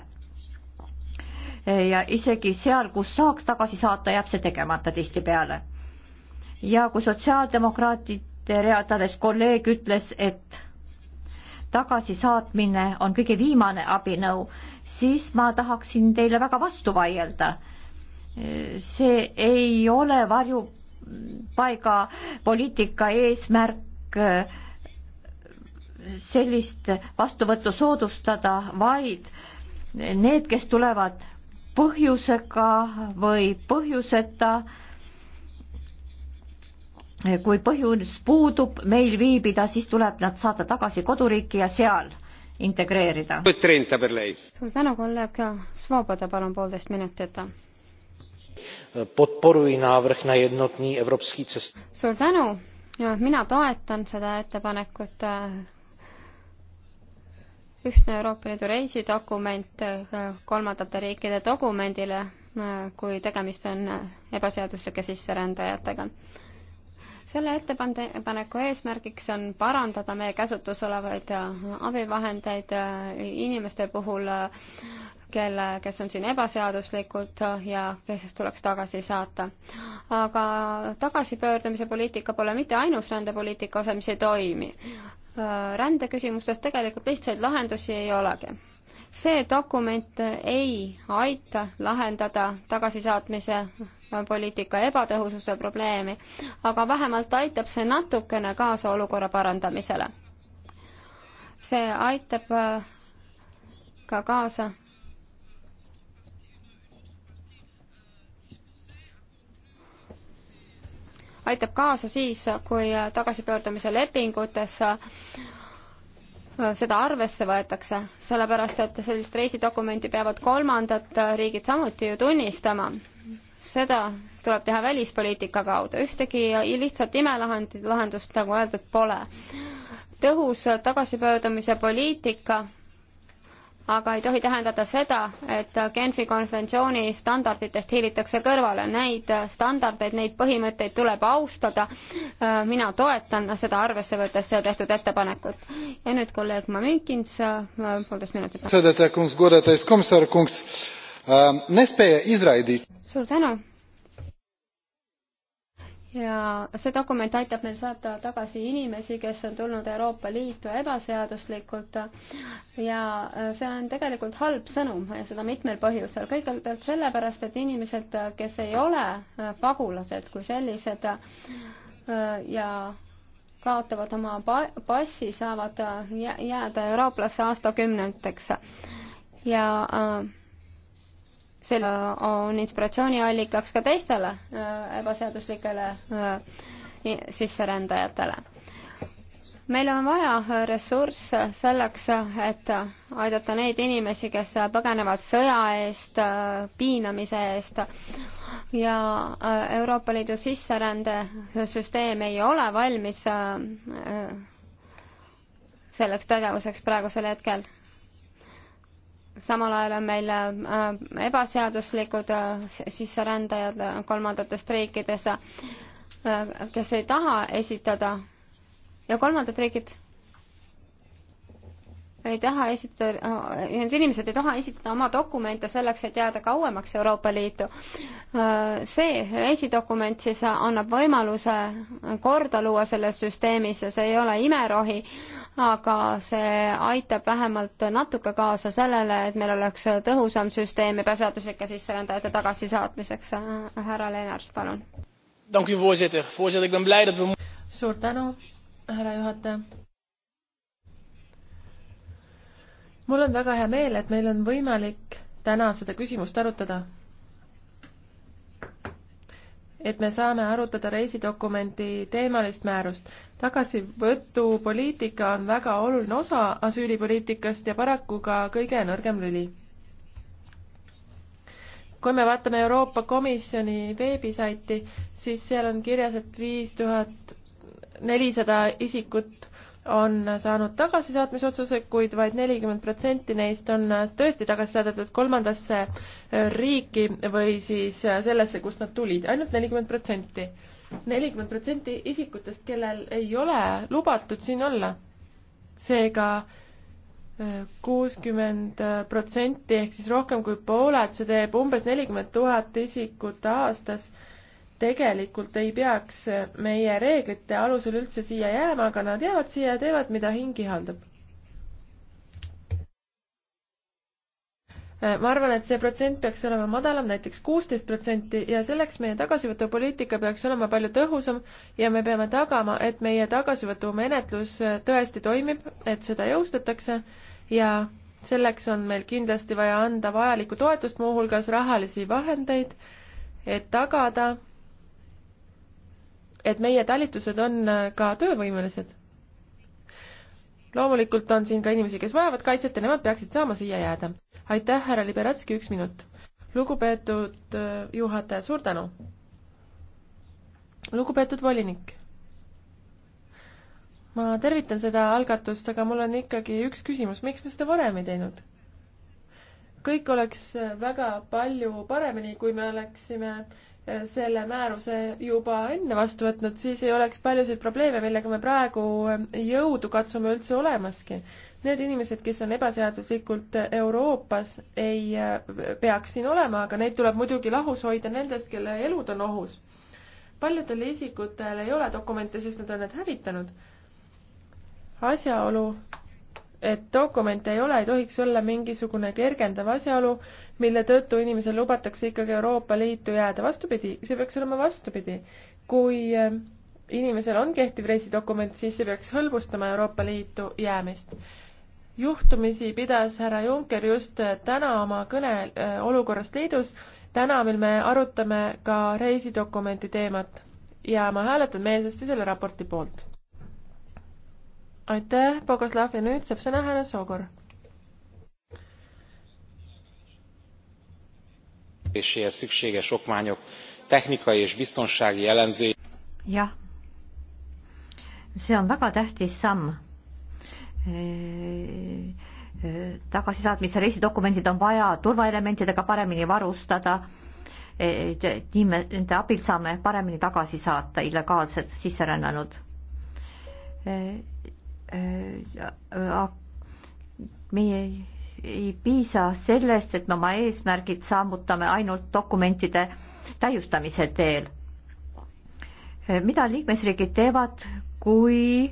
ja isegi seal, kus saaks tagasi saata, jääb see tegemata tihtipeale. ja kui sotsiaaldemokraatide readades kolleeg ütles, et tagasisaatmine on kõige viimane abinõu, siis ma tahaksin teile väga vastu vaielda. see ei ole varjupaiga poliitika eesmärk sellist vastuvõttu soodustada, vaid need, kes tulevad põhjusega või põhjuseta kui põhjus puudub meil viibida, siis tuleb nad saata tagasi koduriiki ja seal integreerida. suur tänu, kolleeg Svoboda, palun poolteist minutit. podporuji návrh na jednotný evropský cest. suur tänu, mina toetan seda ettepanekut äh, ühtne Euroopa Liidu reisidokument äh, kolmandate riikide dokumendile, äh, kui tegemist on ebaseaduslike sisserändajatega selle ettepaneku eesmärgiks on parandada meie käsutus olevaid abivahendeid äh, inimeste puhul, äh, kelle, kes on siin ebaseaduslikult ja kes tuleks tagasi saata. aga tagasipöördumise poliitika pole mitte ainus rändepoliitika osa, mis ei toimi. Äh, rändeküsimustes tegelikult lihtsaid lahendusi ei olegi see dokument ei aita lahendada tagasisaatmise poliitika ebatõhususe probleemi, aga vähemalt aitab see natukene kaasa olukorra parandamisele. see aitab äh, ka kaasa aitab kaasa siis, kui tagasipöördumise lepingutes seda arvesse võetakse, sellepärast et sellist reisidokumenti peavad kolmandad riigid samuti ju tunnistama. seda tuleb teha välispoliitika kaudu, ühtegi lihtsat imelahendit, lahendust nagu öeldud, pole. tõhus tagasipöördumise poliitika aga ei tohi tähendada seda, et Genfi konventsiooni standarditest hiilitakse kõrvale. Neid standardeid, neid põhimõtteid tuleb austada. mina toetan seda arvesse võttes tehtud ettepanekut. ja nüüd kolleeg Mamikins, poolteist minutit. Ähm, suur tänu ja see dokument aitab meil saata tagasi inimesi, kes on tulnud Euroopa Liitu ebaseaduslikult ja see on tegelikult halb sõnum ja seda mitmel põhjusel. kõigepealt sellepärast, et inimesed, kes ei ole pagulased kui sellised ja kaotavad oma passi, saavad jääda eurooplasse aastakümneteks ja äh, see on inspiratsiooniallikaks ka teistele äh, ebaseaduslikele äh, sisserändajatele. meil on vaja äh, ressursse selleks, et aidata neid inimesi, kes põgenevad sõja eest, piinamise eest ja Euroopa Liidu sisserändesüsteem ei ole valmis selleks tegevuseks praegusel hetkel samal ajal on meil äh, ebaseaduslikud äh, sisserändajad äh, kolmandatest riikidest, kes ei taha esitada ja kolmandad riigid ei taha esitada, need inimesed ei taha esitada oma dokumente selleks, et jääda kauemaks Euroopa Liitu. see reisidokument siis annab võimaluse korda luua selles süsteemis ja see ei ole imerohi, aga see aitab vähemalt natuke kaasa sellele, et meil oleks tõhusam süsteem ebaseaduslike sisserändajate tagasisaatmiseks. härra Leenars, palun. suur tänu, härra juhataja mul on väga hea meel, et meil on võimalik täna seda küsimust arutada. et me saame arutada reisidokumendi teemalist määrust. tagasivõtupoliitika on väga oluline osa asüülipoliitikast ja paraku ka kõige nõrgem lüli. kui me vaatame Euroopa Komisjoni veebisaiti, siis seal on kirjas, et viis tuhat nelisada isikut on saanud tagasisaatmise otsuse, kuid vaid nelikümmend protsenti neist on tõesti tagasi saadetud kolmandasse äh, riiki või siis äh, sellesse, kust nad tulid ainult, ainult nelikümmend protsenti. nelikümmend protsenti isikutest, kellel ei ole lubatud siin olla. seega äh, kuuskümmend protsenti ehk siis rohkem kui pooled, see teeb umbes nelikümmend tuhat isikut aastas tegelikult ei peaks meie reeglite alusel üldse siia jääma, aga nad jäävad siia ja teevad, mida hing ihaldab. Äh, ma arvan, et see protsent peaks olema madalam, näiteks kuusteist protsenti ja selleks meie tagasivõtupoliitika peaks olema palju tõhusam ja me peame tagama, et meie tagasivõtumenetlus äh, tõesti toimib, et seda jõustatakse ja selleks on meil kindlasti vaja anda vajalikku toetust, muuhulgas rahalisi vahendeid, et tagada, et meie talitused on äh, ka töövõimelised. loomulikult on siin ka inimesi, kes vajavad kaitset ja nemad peaksid saama siia jääda. aitäh, härra Liberatski, üks minut. lugupeetud äh, juhataja, suur tänu. lugupeetud volinik. ma tervitan seda algatust, aga mul on ikkagi üks küsimus, miks me seda varem ei teinud? kõik oleks väga palju paremini, kui me oleksime selle määruse juba enne vastu võtnud, siis ei oleks paljusid probleeme, millega me praegu jõudu katsume üldse olemaski. Need inimesed, kes on ebaseaduslikult Euroopas, ei äh, peaks siin olema, aga neid tuleb muidugi lahus hoida nendest, kelle elud on ohus. paljudel isikutel ei ole dokumente, sest nad on need hävitanud. asjaolu, et dokumente ei ole, ei tohiks olla mingisugune kergendav asjaolu, mille tõttu inimesel lubatakse ikkagi Euroopa Liitu jääda. vastupidi, see peaks olema vastupidi. kui äh, inimesel on kehtiv reisidokument, siis see peaks hõlbustama Euroopa Liitu jäämist. juhtumisi pidas härra Juncker just äh, täna oma kõne äh, olukorrast Liidus, täna, mil me arutame ka reisidokumenti teemat ja ma hääletan meelsasti selle raporti poolt aitäh, Bogoslav ja nüüd saab sõna härra Soogor. szükséges okmányok technikai és biztonsági elemzői. jah, see on väga tähtis samm. tagasisaatmise reisidokumendid on vaja turvaelementidega paremini varustada. et nii me nende abil saame paremini tagasi saata illegaalsed sisserännanud Äh, äh, meie ei piisa sellest, et me oma eesmärgid sammutame ainult dokumentide täiustamise teel. Äh, mida liikmesriigid teevad, kui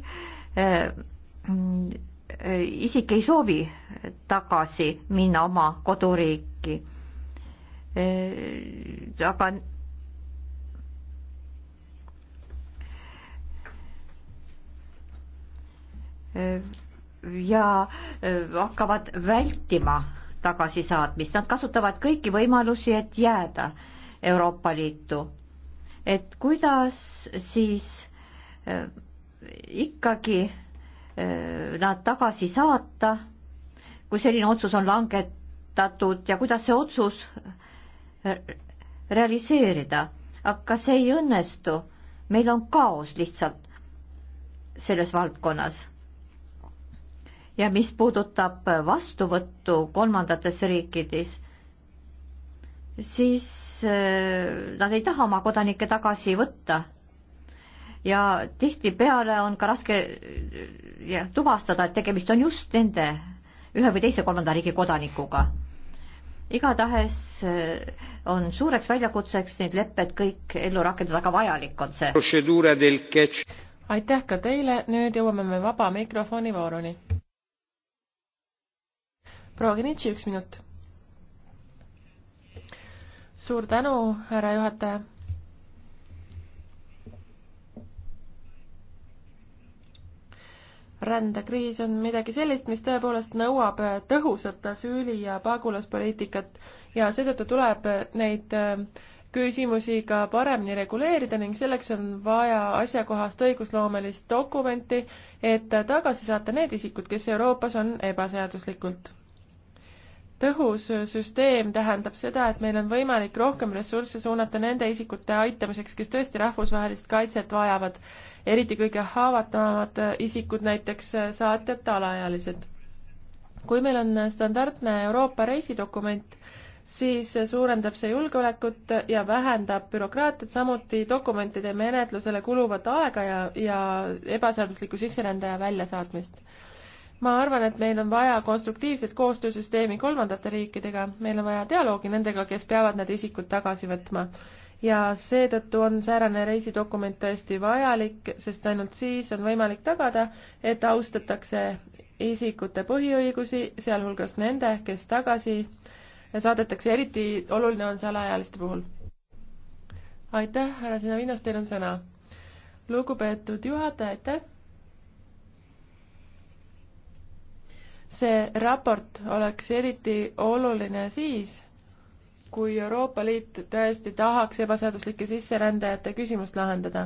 isik ei soovi tagasi minna oma koduriiki? aga ja äh, hakkavad vältima tagasisaatmist, nad kasutavad kõiki võimalusi, et jääda Euroopa Liitu. et kuidas siis äh, ikkagi äh, nad tagasi saata, kui selline otsus on langetatud ja kuidas see otsus realiseerida, aga see ei õnnestu, meil on kaos lihtsalt selles valdkonnas ja mis puudutab vastuvõttu kolmandates riikides, siis eh, nad ei taha oma kodanikke tagasi võtta. ja tihtipeale on ka raske eh, jah, tuvastada, et tegemist on just nende ühe või teise kolmanda riigi kodanikuga. igatahes eh, on suureks väljakutseks need lepped kõik ellu rakendada, aga vajalik on see. aitäh ka teile, nüüd jõuame me vaba mikrofoni vooruni proua Genitši, üks minut. suur tänu, härra juhataja. rändekriis on midagi sellist, mis tõepoolest nõuab tõhusat asüüli- ja pagulaspoliitikat ja seetõttu tuleb neid äh, küsimusi ka paremini reguleerida ning selleks on vaja asjakohast õigusloomelist dokumenti, et tagasi saata need isikud, kes Euroopas on ebaseaduslikult tõhus süsteem tähendab seda, et meil on võimalik rohkem ressursse suunata nende isikute aitamiseks, kes tõesti rahvusvahelist kaitset vajavad, eriti kõige haavatavamad isikud, näiteks saatjate alaealised. kui meil on standardne Euroopa reisidokument, siis suurendab see julgeolekut ja vähendab bürokraatiat, samuti dokumentide menetlusele kuluvat aega ja, ja ebaseadusliku sisserändaja väljasaatmist ma arvan, et meil on vaja konstruktiivset koostöösüsteemi kolmandate riikidega, meil on vaja dialoogi nendega, kes peavad need isikud tagasi võtma. ja seetõttu on säärane reisidokument tõesti vajalik, sest ainult siis on võimalik tagada, et austatakse isikute põhiõigusi, sealhulgas nende, kes tagasi saadetakse, eriti oluline on see alaealiste puhul. aitäh, härra Sinavinos, teil on sõna. lugupeetud juhataja, aitäh see raport oleks eriti oluline siis, kui Euroopa Liit tõesti tahaks ebaseaduslike sisserändajate küsimust lahendada.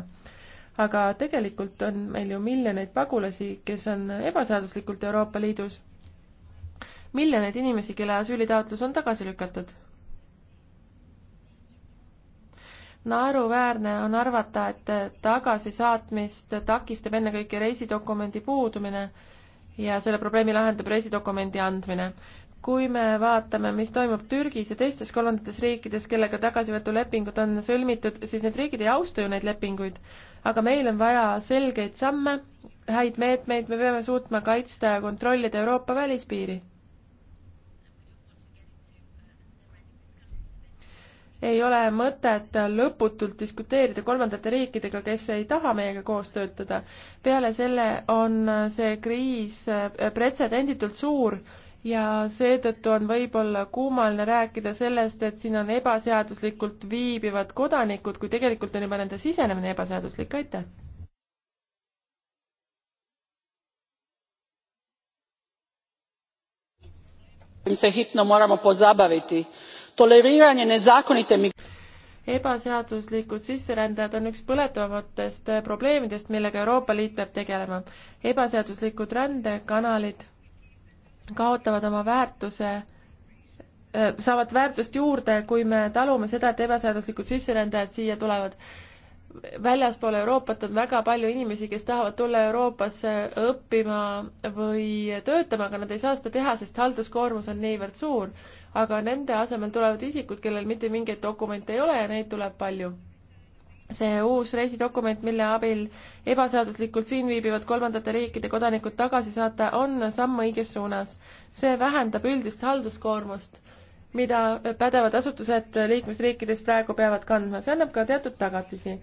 aga tegelikult on meil ju miljoneid pagulasi, kes on ebaseaduslikult Euroopa Liidus. miljoneid inimesi, kelle asüülitaotlus on tagasi lükatud. naeruväärne on arvata, et tagasisaatmist takistab ennekõike reisidokumendi puudumine ja selle probleemi lahendab reisidokumendi andmine. kui me vaatame, mis toimub Türgis ja teistes kolmandates riikides, kellega tagasivõtulepingud on sõlmitud, siis need riigid ei austa ju neid lepinguid. aga meil on vaja selgeid samme, häid meetmeid, me peame suutma kaitsta ja kontrollida Euroopa välispiiri ei ole mõtet lõputult diskuteerida kolmandate riikidega, kes ei taha meiega koos töötada. peale selle on see kriis äh, pretsedenditult suur ja seetõttu on võib-olla kummaline rääkida sellest, et siin on ebaseaduslikult viibivad kodanikud, kui tegelikult on juba nende sisenemine ebaseaduslik, aitäh! se hitno moramo pozabaviti tolereerimine nezakonite ebaseaduslikud sisserändajad on üks põletavamatest äh, probleemidest, millega Euroopa Liit peab tegelema. ebaseaduslikud rändekanalid kaotavad oma väärtuse äh, saavad väärtust juurde, kui me talume seda, et ebaseaduslikud sisserändajad siia tulevad. väljaspool Euroopat on väga palju inimesi, kes tahavad tulla Euroopasse õppima või töötama, aga nad ei saa seda teha, sest halduskoormus on niivõrd suur aga nende asemel tulevad isikud, kellel mitte mingeid dokumente ei ole ja neid tuleb palju see uus reisidokument, mille abil ebaseaduslikult siin viibivad kolmandate riikide kodanikud tagasi saata, on samm õiges suunas. see vähendab üldist halduskoormust, mida pädevad asutused liikmesriikides praegu peavad kandma, see annab ka teatud tagatisi.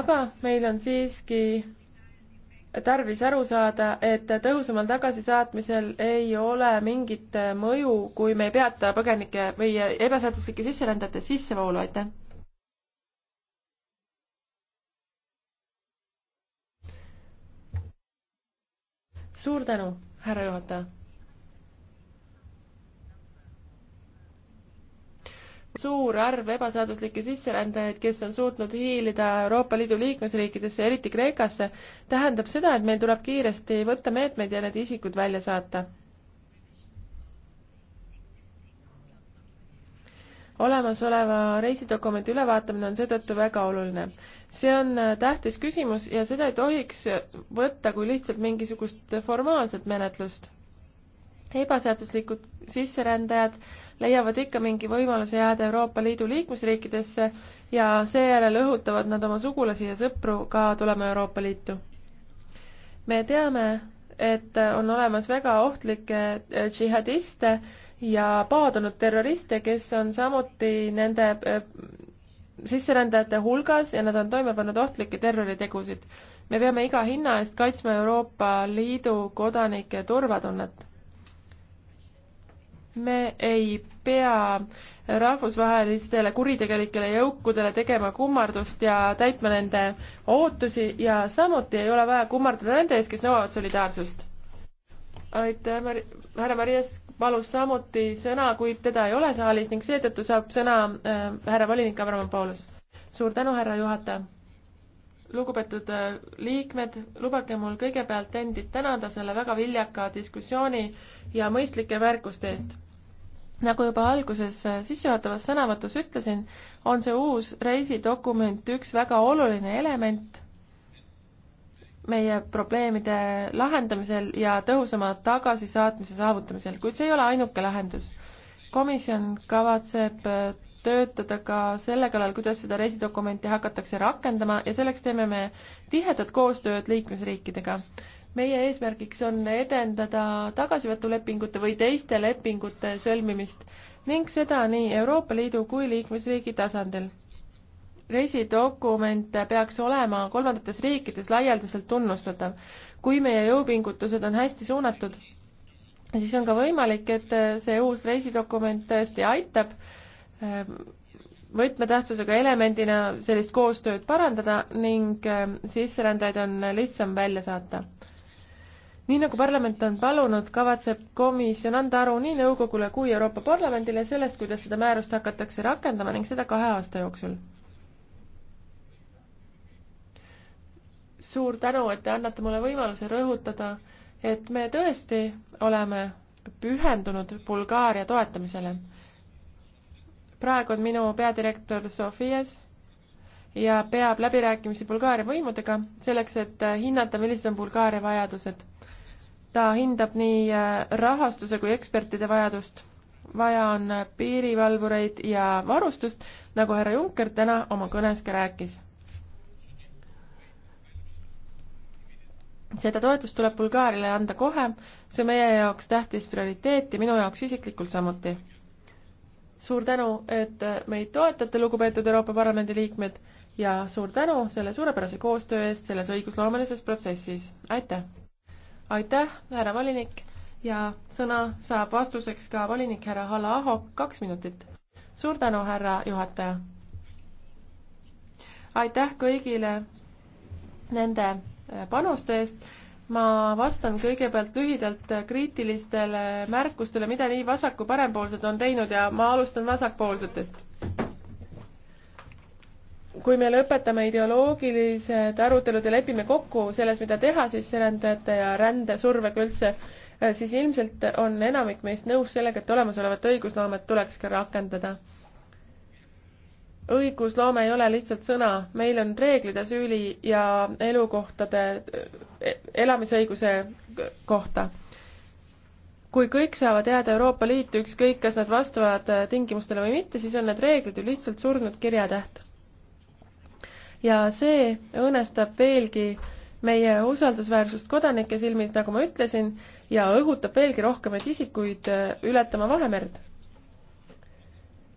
aga meil on siiski tarvis aru saada, et tõhusamal tagasisaatmisel ei ole mingit mõju, kui me ei peata põgenike või ebaseaduslike sisserändajate sissevoolu, aitäh. suur tänu, härra juhataja suur arv ebaseaduslikke sisserändajaid, kes on suutnud hiilida Euroopa Liidu liikmesriikidesse, eriti Kreekasse, tähendab seda, et meil tuleb kiiresti võtta meetmeid ja need isikud välja saata. olemasoleva reisidokumendi ülevaatamine on seetõttu väga oluline. see on äh, tähtis küsimus ja seda ei tohiks võtta kui lihtsalt mingisugust formaalset menetlust. ebaseaduslikud sisserändajad leiavad ikka mingi võimaluse jääda Euroopa Liidu liikmesriikidesse ja seejärel õhutavad nad oma sugulasi ja sõpru ka tulema Euroopa Liitu. me teame, et on olemas väga ohtlikke äh, džihadiste ja paadunud terroriste, kes on samuti nende äh, sisserändajate hulgas ja nad on toime pannud ohtlikke terroritegusid. me peame iga hinna eest kaitsma Euroopa Liidu kodanike turvatunnet me ei pea rahvusvahelistele kuritegelikele jõukudele tegema kummardust ja täitma nende ootusi ja samuti ei ole vaja kummardada nende ees, kes nõuavad solidaarsust. aitäh, härra Marias palus samuti sõna, kuid teda ei ole saalis ning seetõttu saab sõna äh, härra volinik Avramopoulos. suur tänu, härra juhataja. lugupeetud äh, liikmed, lubage mul kõigepealt endid tänada selle väga viljaka diskussiooni ja mõistlike märkuste eest nagu juba alguses äh, sissejuhatavas sõnavõtus ütlesin, on see uus reisidokument üks väga oluline element meie probleemide lahendamisel ja tõhusama tagasisaatmise saavutamisel, kuid see ei ole ainuke lahendus. komisjon kavatseb äh, töötada ka selle kallal, kuidas seda reisidokumenti hakatakse rakendama ja selleks teeme me tihedat koostööd liikmesriikidega meie eesmärgiks on edendada tagasivõtulepingute või teiste lepingute sõlmimist ning seda nii Euroopa Liidu kui liikmesriigi tasandil. reisidokument peaks olema kolmandates riikides laialdaselt tunnustatav. kui meie jõupingutused on hästi suunatud, siis on ka võimalik, et see uus reisidokument tõesti aitab ähm, võtmetähtsusega elemendina sellist koostööd parandada ning ähm, sisserändajaid on lihtsam välja saata nii nagu parlament on palunud, kavatseb komisjon anda aru nii nõukogule kui Euroopa Parlamendile sellest, kuidas seda määrust hakatakse rakendama ning seda kahe aasta jooksul. suur tänu, et te annate mulle võimaluse rõhutada, et me tõesti oleme pühendunud Bulgaaria toetamisele. praegu on minu peadirektor Sofias ja peab läbirääkimisi Bulgaaria võimudega selleks, et hinnata, millised on Bulgaaria vajadused ta hindab nii äh, rahastuse kui ekspertide vajadust. vaja on äh, piirivalvureid ja varustust, nagu härra Juncker täna oma kõnes ka rääkis. seda toetust tuleb Bulgaariale anda kohe, see on meie jaoks tähtis prioriteet ja minu jaoks isiklikult samuti. suur tänu, et äh, meid toetate, lugupeetud Euroopa Parlamendi liikmed, ja suur tänu selle suurepärase koostöö eest selles õigusloomelises protsessis, aitäh! aitäh, härra volinik ja sõna saab vastuseks ka volinik härra Halla Aho, kaks minutit. suur tänu, härra juhataja. aitäh kõigile nende äh, panuste eest ma vastan kõigepealt lühidalt äh, kriitilistele märkustele, mida nii vasak- kui parempoolsed on teinud ja ma alustan vasakpoolsetest kui me lõpetame ideoloogilised arutelud ja lepime kokku selles, mida teha siis rändajate ja rändesurvega üldse, äh, siis ilmselt on enamik meist nõus sellega, et olemasolevat õigusloomet tuleks ka rakendada. õigusloome ei ole lihtsalt sõna, meil on reeglid asüüli ja elukohtade, äh, e-, elamisõiguse kohta kui kõik saavad jääda Euroopa Liitu, ükskõik kas nad vastavad äh, tingimustele või mitte, siis on need reeglid ju lihtsalt surnud kirjatäht ja see õõnestab veelgi meie usaldusväärsust kodanike silmis, nagu ma ütlesin, ja õhutab veelgi rohkemaid isikuid äh, ületama Vahemerd.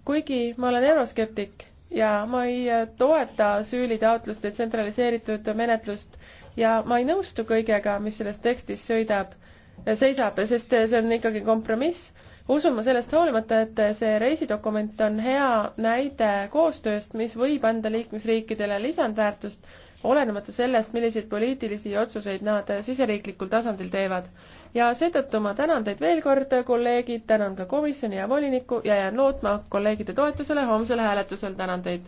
kuigi ma olen euroskeptik ja ma ei äh, toeta süülitaotluste tsentraliseeritud menetlust ja ma ei nõustu kõigega, mis selles tekstis sõidab, äh, seisab, sest see on ikkagi kompromiss usun ma sellest hoolimata, et see reisidokument on hea näide koostööst, mis võib anda liikmesriikidele lisandväärtust, olenemata sellest, milliseid poliitilisi otsuseid nad siseriiklikul tasandil teevad. ja seetõttu ma tänan teid veel kord, kolleegid, tänan ka komisjoni ja volinikku ja jään lootma kolleegide toetusele homsel hääletusel, tänan teid!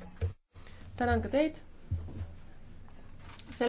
tänan ka teid!